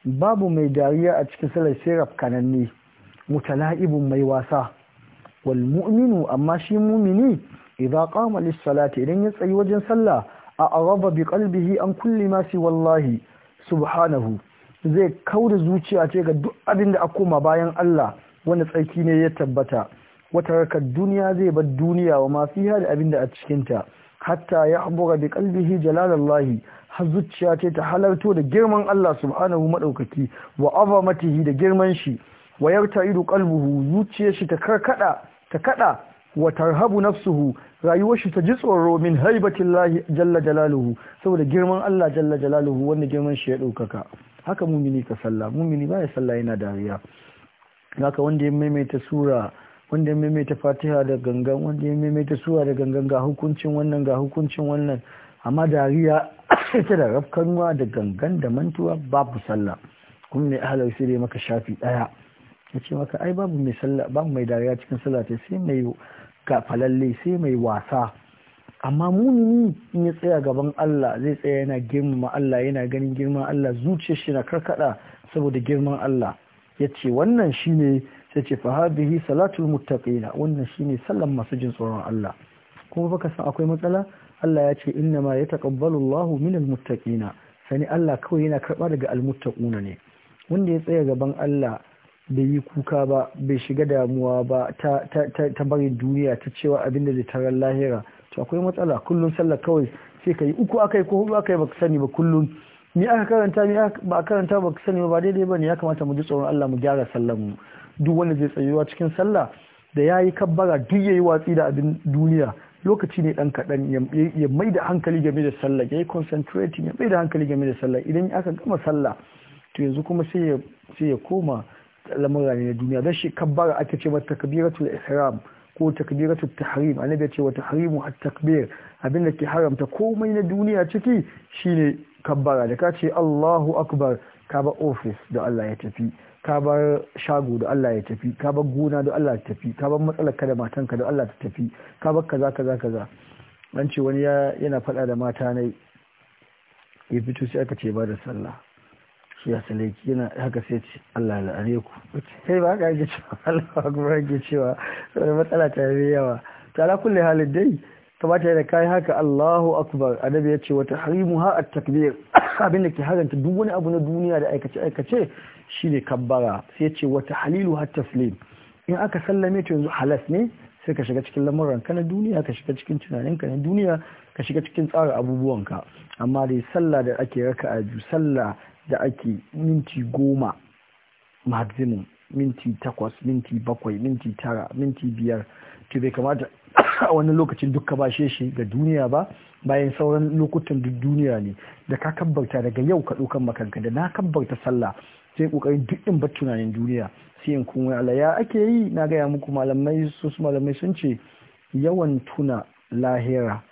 babu mai dariya a cikin salar siraf kananne mutala'ibun mai wasa wal mu'minu amma shi mumini idza qama lis salati idan ya tsayi wajen sallah a araba bi qalbihi an kulli ma si wallahi subhanahu zai kauda zuciya ce ga duk abin da a koma bayan Allah wanda tsarki ne ya tabbata wata rakar duniya zai bar duniya wa ma da abin da a cikinta, hatta ya habura bi qalbihi jalalallahi har zuciya ce ta halarto da girman Allah subhanahu maɗaukaki wa azamatihi da girman shi wa yartaidu qalbuhu zuciyar shi ta karkada ta kada wa tarhabu nafsuhu rayuwar shi ta ji tsoro min haibatillahi jalla jalaluhu saboda girman Allah jalla jalaluhu wanda girman shi ya ɗaukaka haka mumini ka salla mumini baya salla yana dariya haka wanda ya maimaita sura wanda ya maimaita fatiha da gangan wanda ya maimaita sura da gangan ga hukuncin wannan ga hukuncin wannan amma dariya ake da rafkanuwa da gangan da mantuwa babu sallah kuma mai ahalar sai dai maka shafi ɗaya ya ce maka ai babu mai sallah babu mai dariya cikin sallah ta sai mai gafalalle sai mai wasa amma mumini in ya tsaya gaban Allah zai tsaya yana girmama Allah yana ganin girman Allah zuciyar shi na karkada saboda girman Allah ya ce wannan shine sai ce fa hadhihi salatul muttaqina wannan shine sallan masu jin tsoron Allah kuma baka san akwai matsala Allah ya ce inna ma taƙabbalu Allahu minal muttaqina sani Allah kawai yana karɓa daga almuttaquna ne wanda ya tsaya gaban Allah bai yi kuka ba bai shiga damuwa ba ta bari duniya ta cewa abin da zai tarar lahira to akwai matsala kullun sallah kawai sai kai uku akai ko hudu akai baka sani ba kullun ni aka karanta ni ba karanta ka sani ba daidai ba ne ya kamata mu ji tsoron Allah mu gyara sallar mu duk wanda zai tsayuwa cikin sallah da yayi kabbara duk yayi watsi da abin duniya lokaci ne dan kaɗan ya mai da hankali game da sallah ya yi concentrating ya mai da hankali game da sallah idan aka gama sallah to yanzu kuma sai ya koma lamura ne na duniya don shi kabbara ake ce mata takbiratul ihram ko takbiratul tahrim annabi ya ce wa tahrimu at-takbir abin da ke haramta komai na duniya ciki shine kabbara da ka ce Allahu akbar ka ba office da Allah ya tafi ka bar shago da Allah ya tafi ka bar gona da Allah ya tafi ka bar matsalar ka da matanka da Allah ta tafi ka bar kaza kaza kaza an ce wani yana faɗa da mata ne ya fito sai aka ce ba da sallah shi ya sale ki yana haka sai ce Allah ya lare ku sai ba ka yake cewa Allah kuma yake cewa sai matsala ta yi yawa ta la kulli halin dai kamata da kai haka Allahu akbar annabi ya ce wata harimu ha at takbir abin da ke haranta duk wani abu na duniya da aikace aikace ne kabbara sai ce wata halilu har taslim in aka sallame ta yanzu halas ne sai ka shiga cikin lamuran ka na duniya ka shiga cikin tunanin ka na duniya ka shiga cikin tsara ka amma dai sallah da ake raka a sallah da ake minti goma maximum minti takwas minti bakwai minti tara minti biyar to bai kamata a wani lokacin duk ka bashe shi ga duniya ba bayan sauran lokutan duk duniya ne da ka kabbarta daga yau ka ɗaukan makanka da na kabbarta sallah sai kokarin duk in bar tunanin duniya sai in kuma Allah ya ake yi na gaya muku malamai su malamai sun ce yawan tuna lahira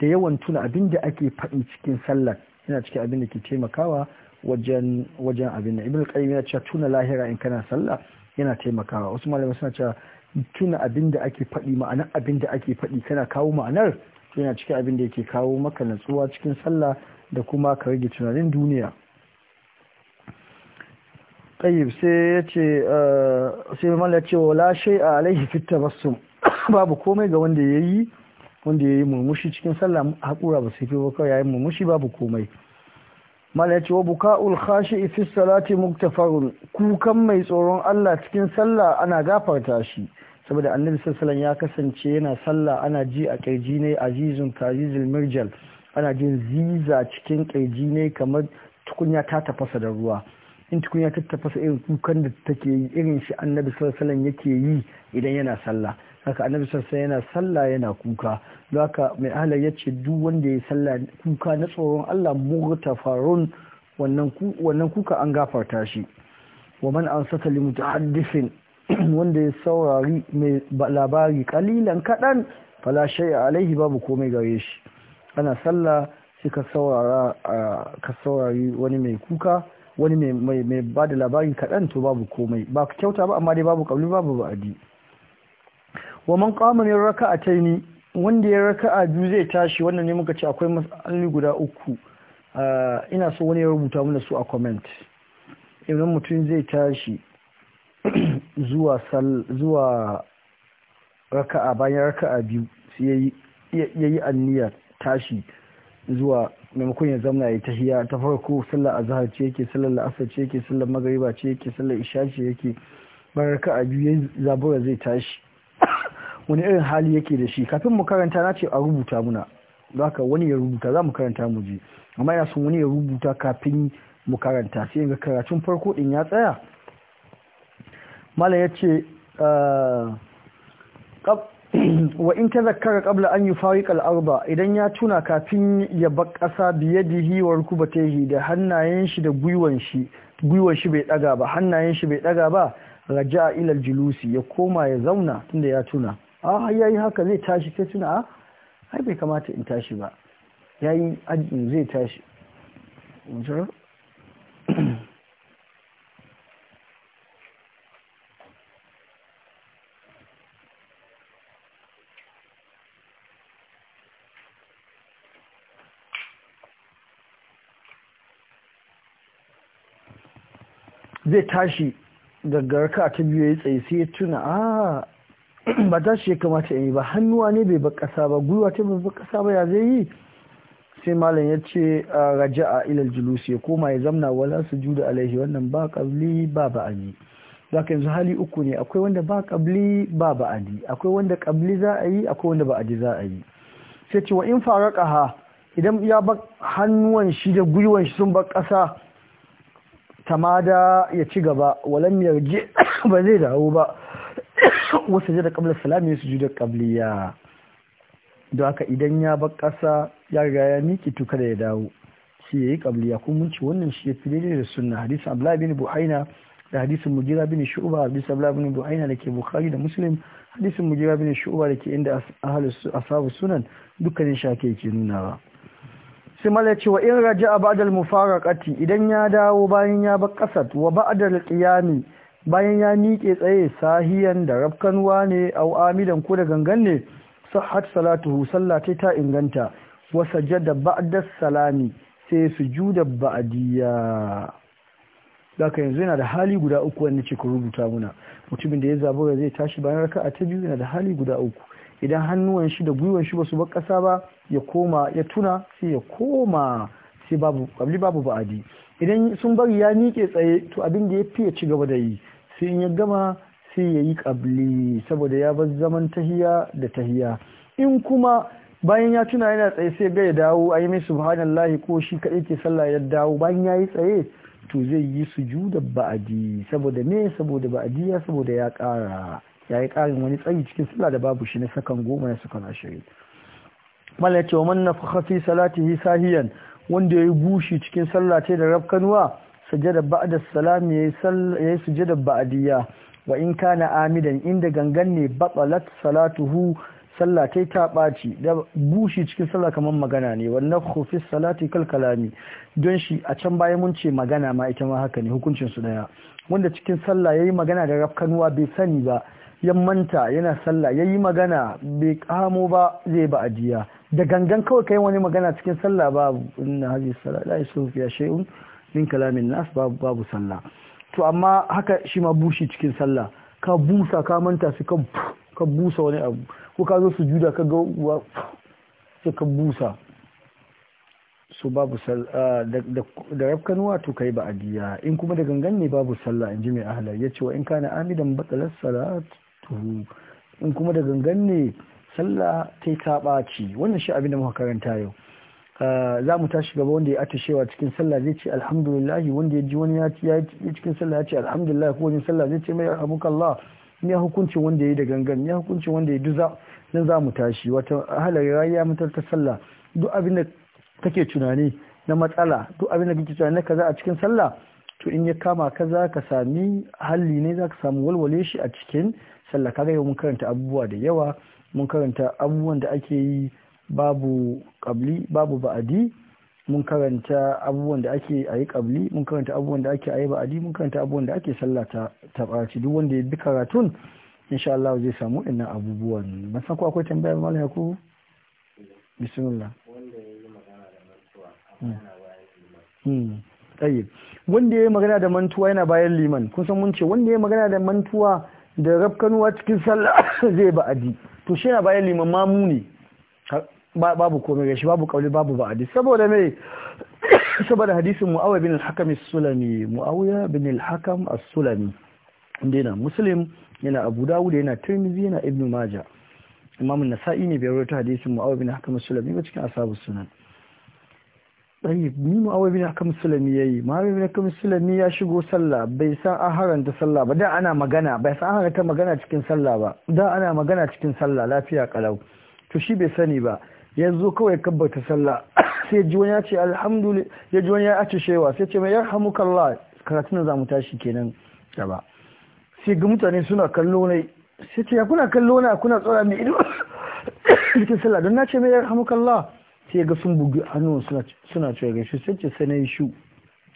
da yawan tuna abin da ake faɗi cikin sallah yana cikin abin da ke taimakawa wajen wajen abin da ibn qayyim ya ce tuna lahira in kana sallah yana taimakawa wasu malamai suna cewa tuna abin da ake faɗi ma'ana abin da ake faɗi kana kawo ma'anar yana cikin abin da yake kawo maka natsuwa cikin sallah da kuma ka rage tunanin duniya tayyib sai ya ce eh, sai ce wala shai a alaihi fitta basu babu komai ga wanda yayi wanda yayi murmushi cikin sallah hakura ba su ba kawai yayi murmushi babu komai mala ce wa buka'ul khashi fi salati muktafarun kukan mai tsoron Allah cikin sallah ana gafarta shi saboda annabi sallallahu ya kasance yana sallah ana ji a kirji ne azizun kazizul mirjal ana jin ziza cikin kirji ne kamar tukunya ta tafasa da ruwa in tukunya ta tafasa irin kukan da take yi irin shi annabi sallallahu yake yi idan yana sallah haka annabi sarsa yana sallah yana kuka don haka mai ahalar ya ce duk wanda ya sallah kuka na tsoron Allah murta faron wannan kuka an gafarta shi wa man saka li mutahaddisin wanda ya saurari mai labari kalilan kadan fala a alaihi babu komai gare shi ana sallah sai ka saurari wani mai kuka wani mai ba da labari kaɗan to babu komai ba kyauta ba amma dai babu kabli babu ba'adi wa man qama min raka'ataini wanda ya raka'a biyu zai tashi wannan ne muka ce akwai mas'aloli guda uku ah, ina so wani ya rubuta mana su a comment idan mutum zai tashi zuwa sal zuwa raka'a bayan raka'a biyu sai yayi yayi anniya tashi zuwa maimakon ya zama ya tahiya ta farko sallar azhar ce yake sallar la'asar ce yake sallar magariba ce yake sallar isha ce yake bayan raka'a biyu yayi zabura zai tashi wani irin hali yake da shi kafin mu karanta na ce a rubuta muna haka wani ya rubuta za mu karanta mu je amma ina son wani ya rubuta kafin mu karanta sai ga karatun farko din ya tsaya malam ya ce ah, wa in ta zakkara qabla an yufariqa al-arba idan ya tuna kafin ya bar ƙasa biyadihi wa ku da hannayen shi da gwiwan shi gwiwan shi bai daga ba hannayen shi bai daga ba raja ila al-julusi ya koma ya zauna tunda ya tuna a ah, yayi haka zai tashi sai tuna a ah, ai bai kamata in tashi ba yayi ajin zai tashi zai tashi daga raka ta biyu ya tsaye sai ya tuna a ah, ba ta shi kamata in yi ba hannuwa ne bai ba kasa ba gwiwa ta bai ba kasa ba ya zai yi sai malam ya ce a a ilal julus ya koma ya zamna wala su juda alaihi wannan ba kabli ba ba'adi ka yanzu hali uku ne akwai wanda ba kabli ba ba'adi akwai wanda kabli za a yi akwai wanda ba'adi za a yi sai ce wa in kaha idan ya ba hannuwan shi da gwiwan shi sun ba ƙasa tamada ya ci gaba walam yarji ba zai dawo ba wasu jira kabla salami su juda kabliya don haka idan ya bar kasa ya ga ya miki tuka da ya dawo shi ya yi kabliya kuma mun ci wannan shi ya fi daidai da sunna hadisin abdullahi bin buhaina da hadisun mujira bin shu'ba hadisin abdullahi bin buhaina da ke bukhari da muslim hadisun mujira bin shu'ba da ke inda sabu sunan dukkanin shake ke nunawa sai mala ce wa in raja'a ba'da al-mufaraqati idan ya dawo bayan ya bar kasa wa ba'da al-qiyami bayan ya miƙe tsaye sahiyan da rafkanwa ne au amidan ko da gangan ne sahhat salatuhu sallata ta inganta wa sajada ba'da salami sai sujuda ba'diya zaka yanzu yana da hali guda uku wanda ce ku rubuta muna mutumin da ya zabura zai tashi bayan raka'a ta biyu yana da hali guda uku idan hannuwan shi da gwiwan shi basu bar kasa ba ya koma ya tuna sai ya koma sai babu babu ba'adi idan sun bari ya miƙe tsaye to abin da ya fi ya ci gaba da yi sai in ya gama sai ya yi ƙabli saboda ya bar zaman tahiya da tahiya in kuma bayan ya tuna yana tsaye sai ga ya dawo a yi mai subhanallahi ko shi kaɗai ke sallah ya dawo bayan ya yi tsaye to zai yi su sujudar ba'adi saboda me saboda ba'adiya saboda ya ƙara ya yi ƙarin wani tsayi cikin sallah da babu shi na sakan goma na sakan ashirin mala wa man fi salatihi sahiyan wanda ya yi bushi cikin sallah ce da rafkanuwa sujada ba'da salam ya yi sujada ba'adiyya wa in kana amidan inda gangan ne batsalat salatuhu sallah ta ta ɓaci da bushi cikin sallah kamar magana ne wannan khufis salati kal kalami don shi a can baya mun ce magana ma ita ma haka ne hukuncin su daya wanda cikin sallah yi magana da rafkanuwa bai sani ba 'yan manta yana sallah yi magana bai kamo ba zai ba adiya da gangan kawai ka yi wani magana cikin sallah babu inna hajji sallah la yusuf ya shay'un min kalamin nas babu babu sallah to amma haka shi ma bushi cikin sallah ka busa ka manta su ka busa wani abu ko ka zo sujuda ka ga uwa sai ka busa so babu sallah da rafkanuwa to kai ba adiya in kuma da gangan ne babu sallah in ji mai ahalar ya ce wa in kana amidan batsalar salatuhu in kuma da gangan ne sallah ta yi ta ɓaci wannan shi abin da muka karanta yau za mu tashi gaba wanda ya atashewa cikin sallah zai ce alhamdulillah wanda ya ji wani ya ci cikin sallah ya ce alhamdulillah ko wani sallah zai ce mai ni ya hukuncin wanda ya yi da gangan ya hukuncin wanda ya duza nan za mu tashi wata halar rayuwa mutar ta sallah duk abin da kake tunani na matsala duk abin da kake tunani na kaza a cikin sallah to in ya kama ka za ka sami hali ne za ka samu walwale shi a cikin sallah kaga yau mun karanta abubuwa da yawa mun karanta abubuwan da ake yi babu kabli babu ba'adi mun karanta abubuwan da ake ayi kabli mun karanta abubuwan da ake ayi ba'adi mun karanta abubuwan da ake sallah ta ɓaci duk wanda ya bi karatun insha Allah zai samu ina abubuwan ban san ko akwai tambaya ba malam ko bismillah wanda ya yi magana da mantuwa hmm. yana bayan liman hmm. wanda ya yi magana da mantuwa yana bayan liman kun san mun ce wanda ya yi magana da mantuwa da rafkanuwa cikin sallah zai ba'adi to shi na bayan liman mamu ne babu komai gashi babu kauli babu hadis saboda mai saboda hadisin mu'awiyah bin al-hakam as-sulami mu'awiyah bin al-hakam as-sulami inda yana muslim yana abu dawud yana tirmidhi yana ibnu majah imam an-nasa'i ne bai rawaito hadisin mu'awiyah bin al-hakam as-sulami ba cikin ashabus sunan tsayi ni ma'awai bin akam musulmi ya yi ma'awai bin kan Musulmi ya shigo sallah bai san an haranta sallah ba da ana magana bai san an haranta magana cikin sallah ba da ana magana cikin sallah lafiya kalau to shi bai sani ba yanzu kawai kabbata sallah sai ji wani ya ce alhamdulillah ya ji wani ya ci shewa sai ce mai yarhamukallah karatun za mu tashi kenan gaba sai ga mutane suna kallo ne sai ce ya kuna kallo na kuna tsora mai ido cikin sallah don na ce mai yarhamukallah sai ga sun bugi hannun suna cewa gaishe sai ce sai na yi shu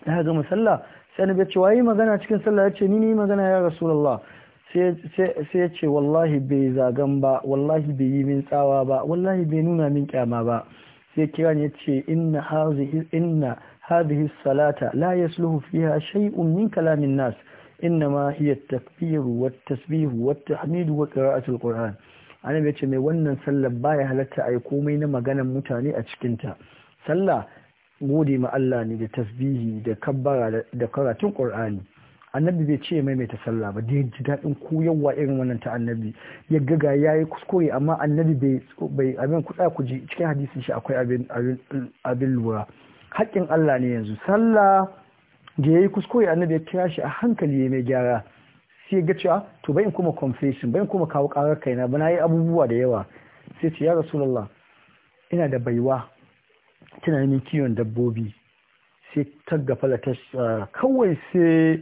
na gama sallah sai na ce wayi magana cikin sallah ya ce ni ne magana ya rasulullah sai ya ce wallahi bai zagan ba wallahi bai yi min tsawa ba wallahi bai nuna min kyama ba sai kira ya ce inna hazihi inna hadhihi salata la yasluhu fiha shay'un min kalamin nas إنما هي التكبير والتسبيح والتحميد وقراءة القرآن annabi ya ce mai wannan sallar baya halatta a yi komai na maganan mutane a cikinta sallah gode ma Allah ne da tasbihi da kabbara da karatun Qur'ani annabi bai ce mai mai ta sallah ba da ji daɗin koyarwa irin wannan ta annabi ya gaga ya yi kuskure amma annabi bai bai abin kuɗa ku ji cikin hadisin shi akwai abin lura haƙƙin Allah ne yanzu sallah da ya yi kuskure annabi ya kira shi a hankali ya mai gyara sai ga cewa to koma kuma confession in kuma kawo karar kaina na, na yi abubuwa da yawa sai ce ya rasulullah ina da baiwa tana yi kiwon dabbobi sai ta gafala ta ah, kawai sai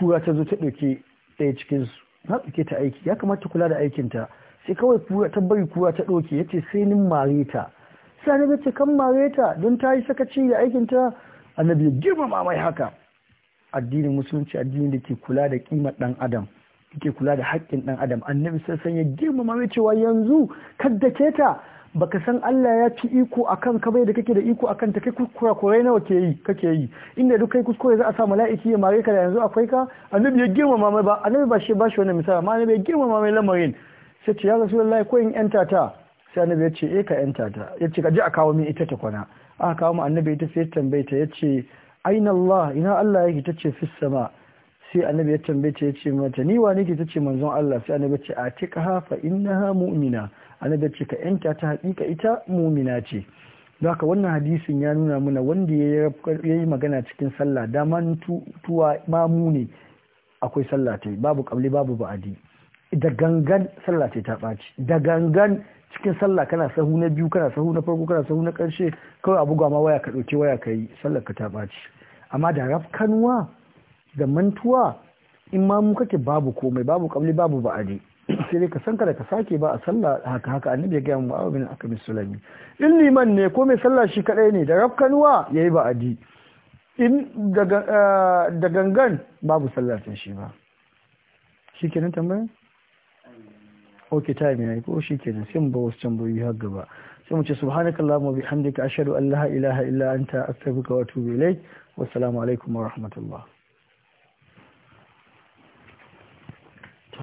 kura ta zo ta ɗauke ɗaya cikin su na ɗauke ta aiki ya kamata kula da aikin ta sai kawai kura ta bari kura ta ɗauke ya ce sai nin mare ta sai na ce kan mare ta don ta yi sakaci da aikinta annabi ya girmama mai haka addinin musulunci addini da ke kula da kimar dan adam ke kula da haƙƙin dan adam annabi san ya girmama mai cewa yanzu kadda keta ta baka san Allah ya ci iko akan ka bai da kake da iko akan ta kai kura-kurai nawa ke yi kake yi inda duk kai kuskure za a sa mala'iki ya mare ka da yanzu akwai ka annabi ya girmama mai ba annabi ba shi ba shi wannan misali amma annabi ya girmama mai lamarin sai ce ya rasulullahi ko in yanta ta sai annabi ya ce eh ka yanta ta ya ce ka je a kawo min ita ta kwana aka kawo mu annabi ita sai tambaye ta ya ce aina Allah ina Allah yake tace fis sama sai annabi ya tambaye ya ce mata ni wa nake tace manzon Allah sai annabi ya ce atiqha fa innaha mu'mina annabi ya ce ka yanta ta hakika ita mu'mina ce haka wannan hadisin ya nuna mana wanda ya yi magana cikin sallah dama tuwa mu ne akwai sallah ta babu kabli babu ba'adi da gangan sallah ta ɓaci da gangan cikin sallah kana sahu na biyu kana sahu na farko kana sahu na ƙarshe kawai abu ma waya ka ɗauki waya ka yi sallah ka ta ɓaci amma da rafkanuwa da mantuwa in ma mu kake babu komai babu kamli babu ba'adi sai dai ka san da ka sake ba a sallah haka haka annabi ya gaya mu ba'u bin akamis sulami in liman ne ko mai sallah shi kadai ne da rafkanuwa yayi ba'adi in eh, da gangan babu sallah sai shi ba shi kenan tambayar? ok time ya yi ko shi ke sai mu ba wasu tambayoyi har gaba sai mu ce subhanakallahumma bihamdika ashhadu an la ilaha illa anta astaghfiruka wa atubu ilayk والسلام عليكم ورحمة الله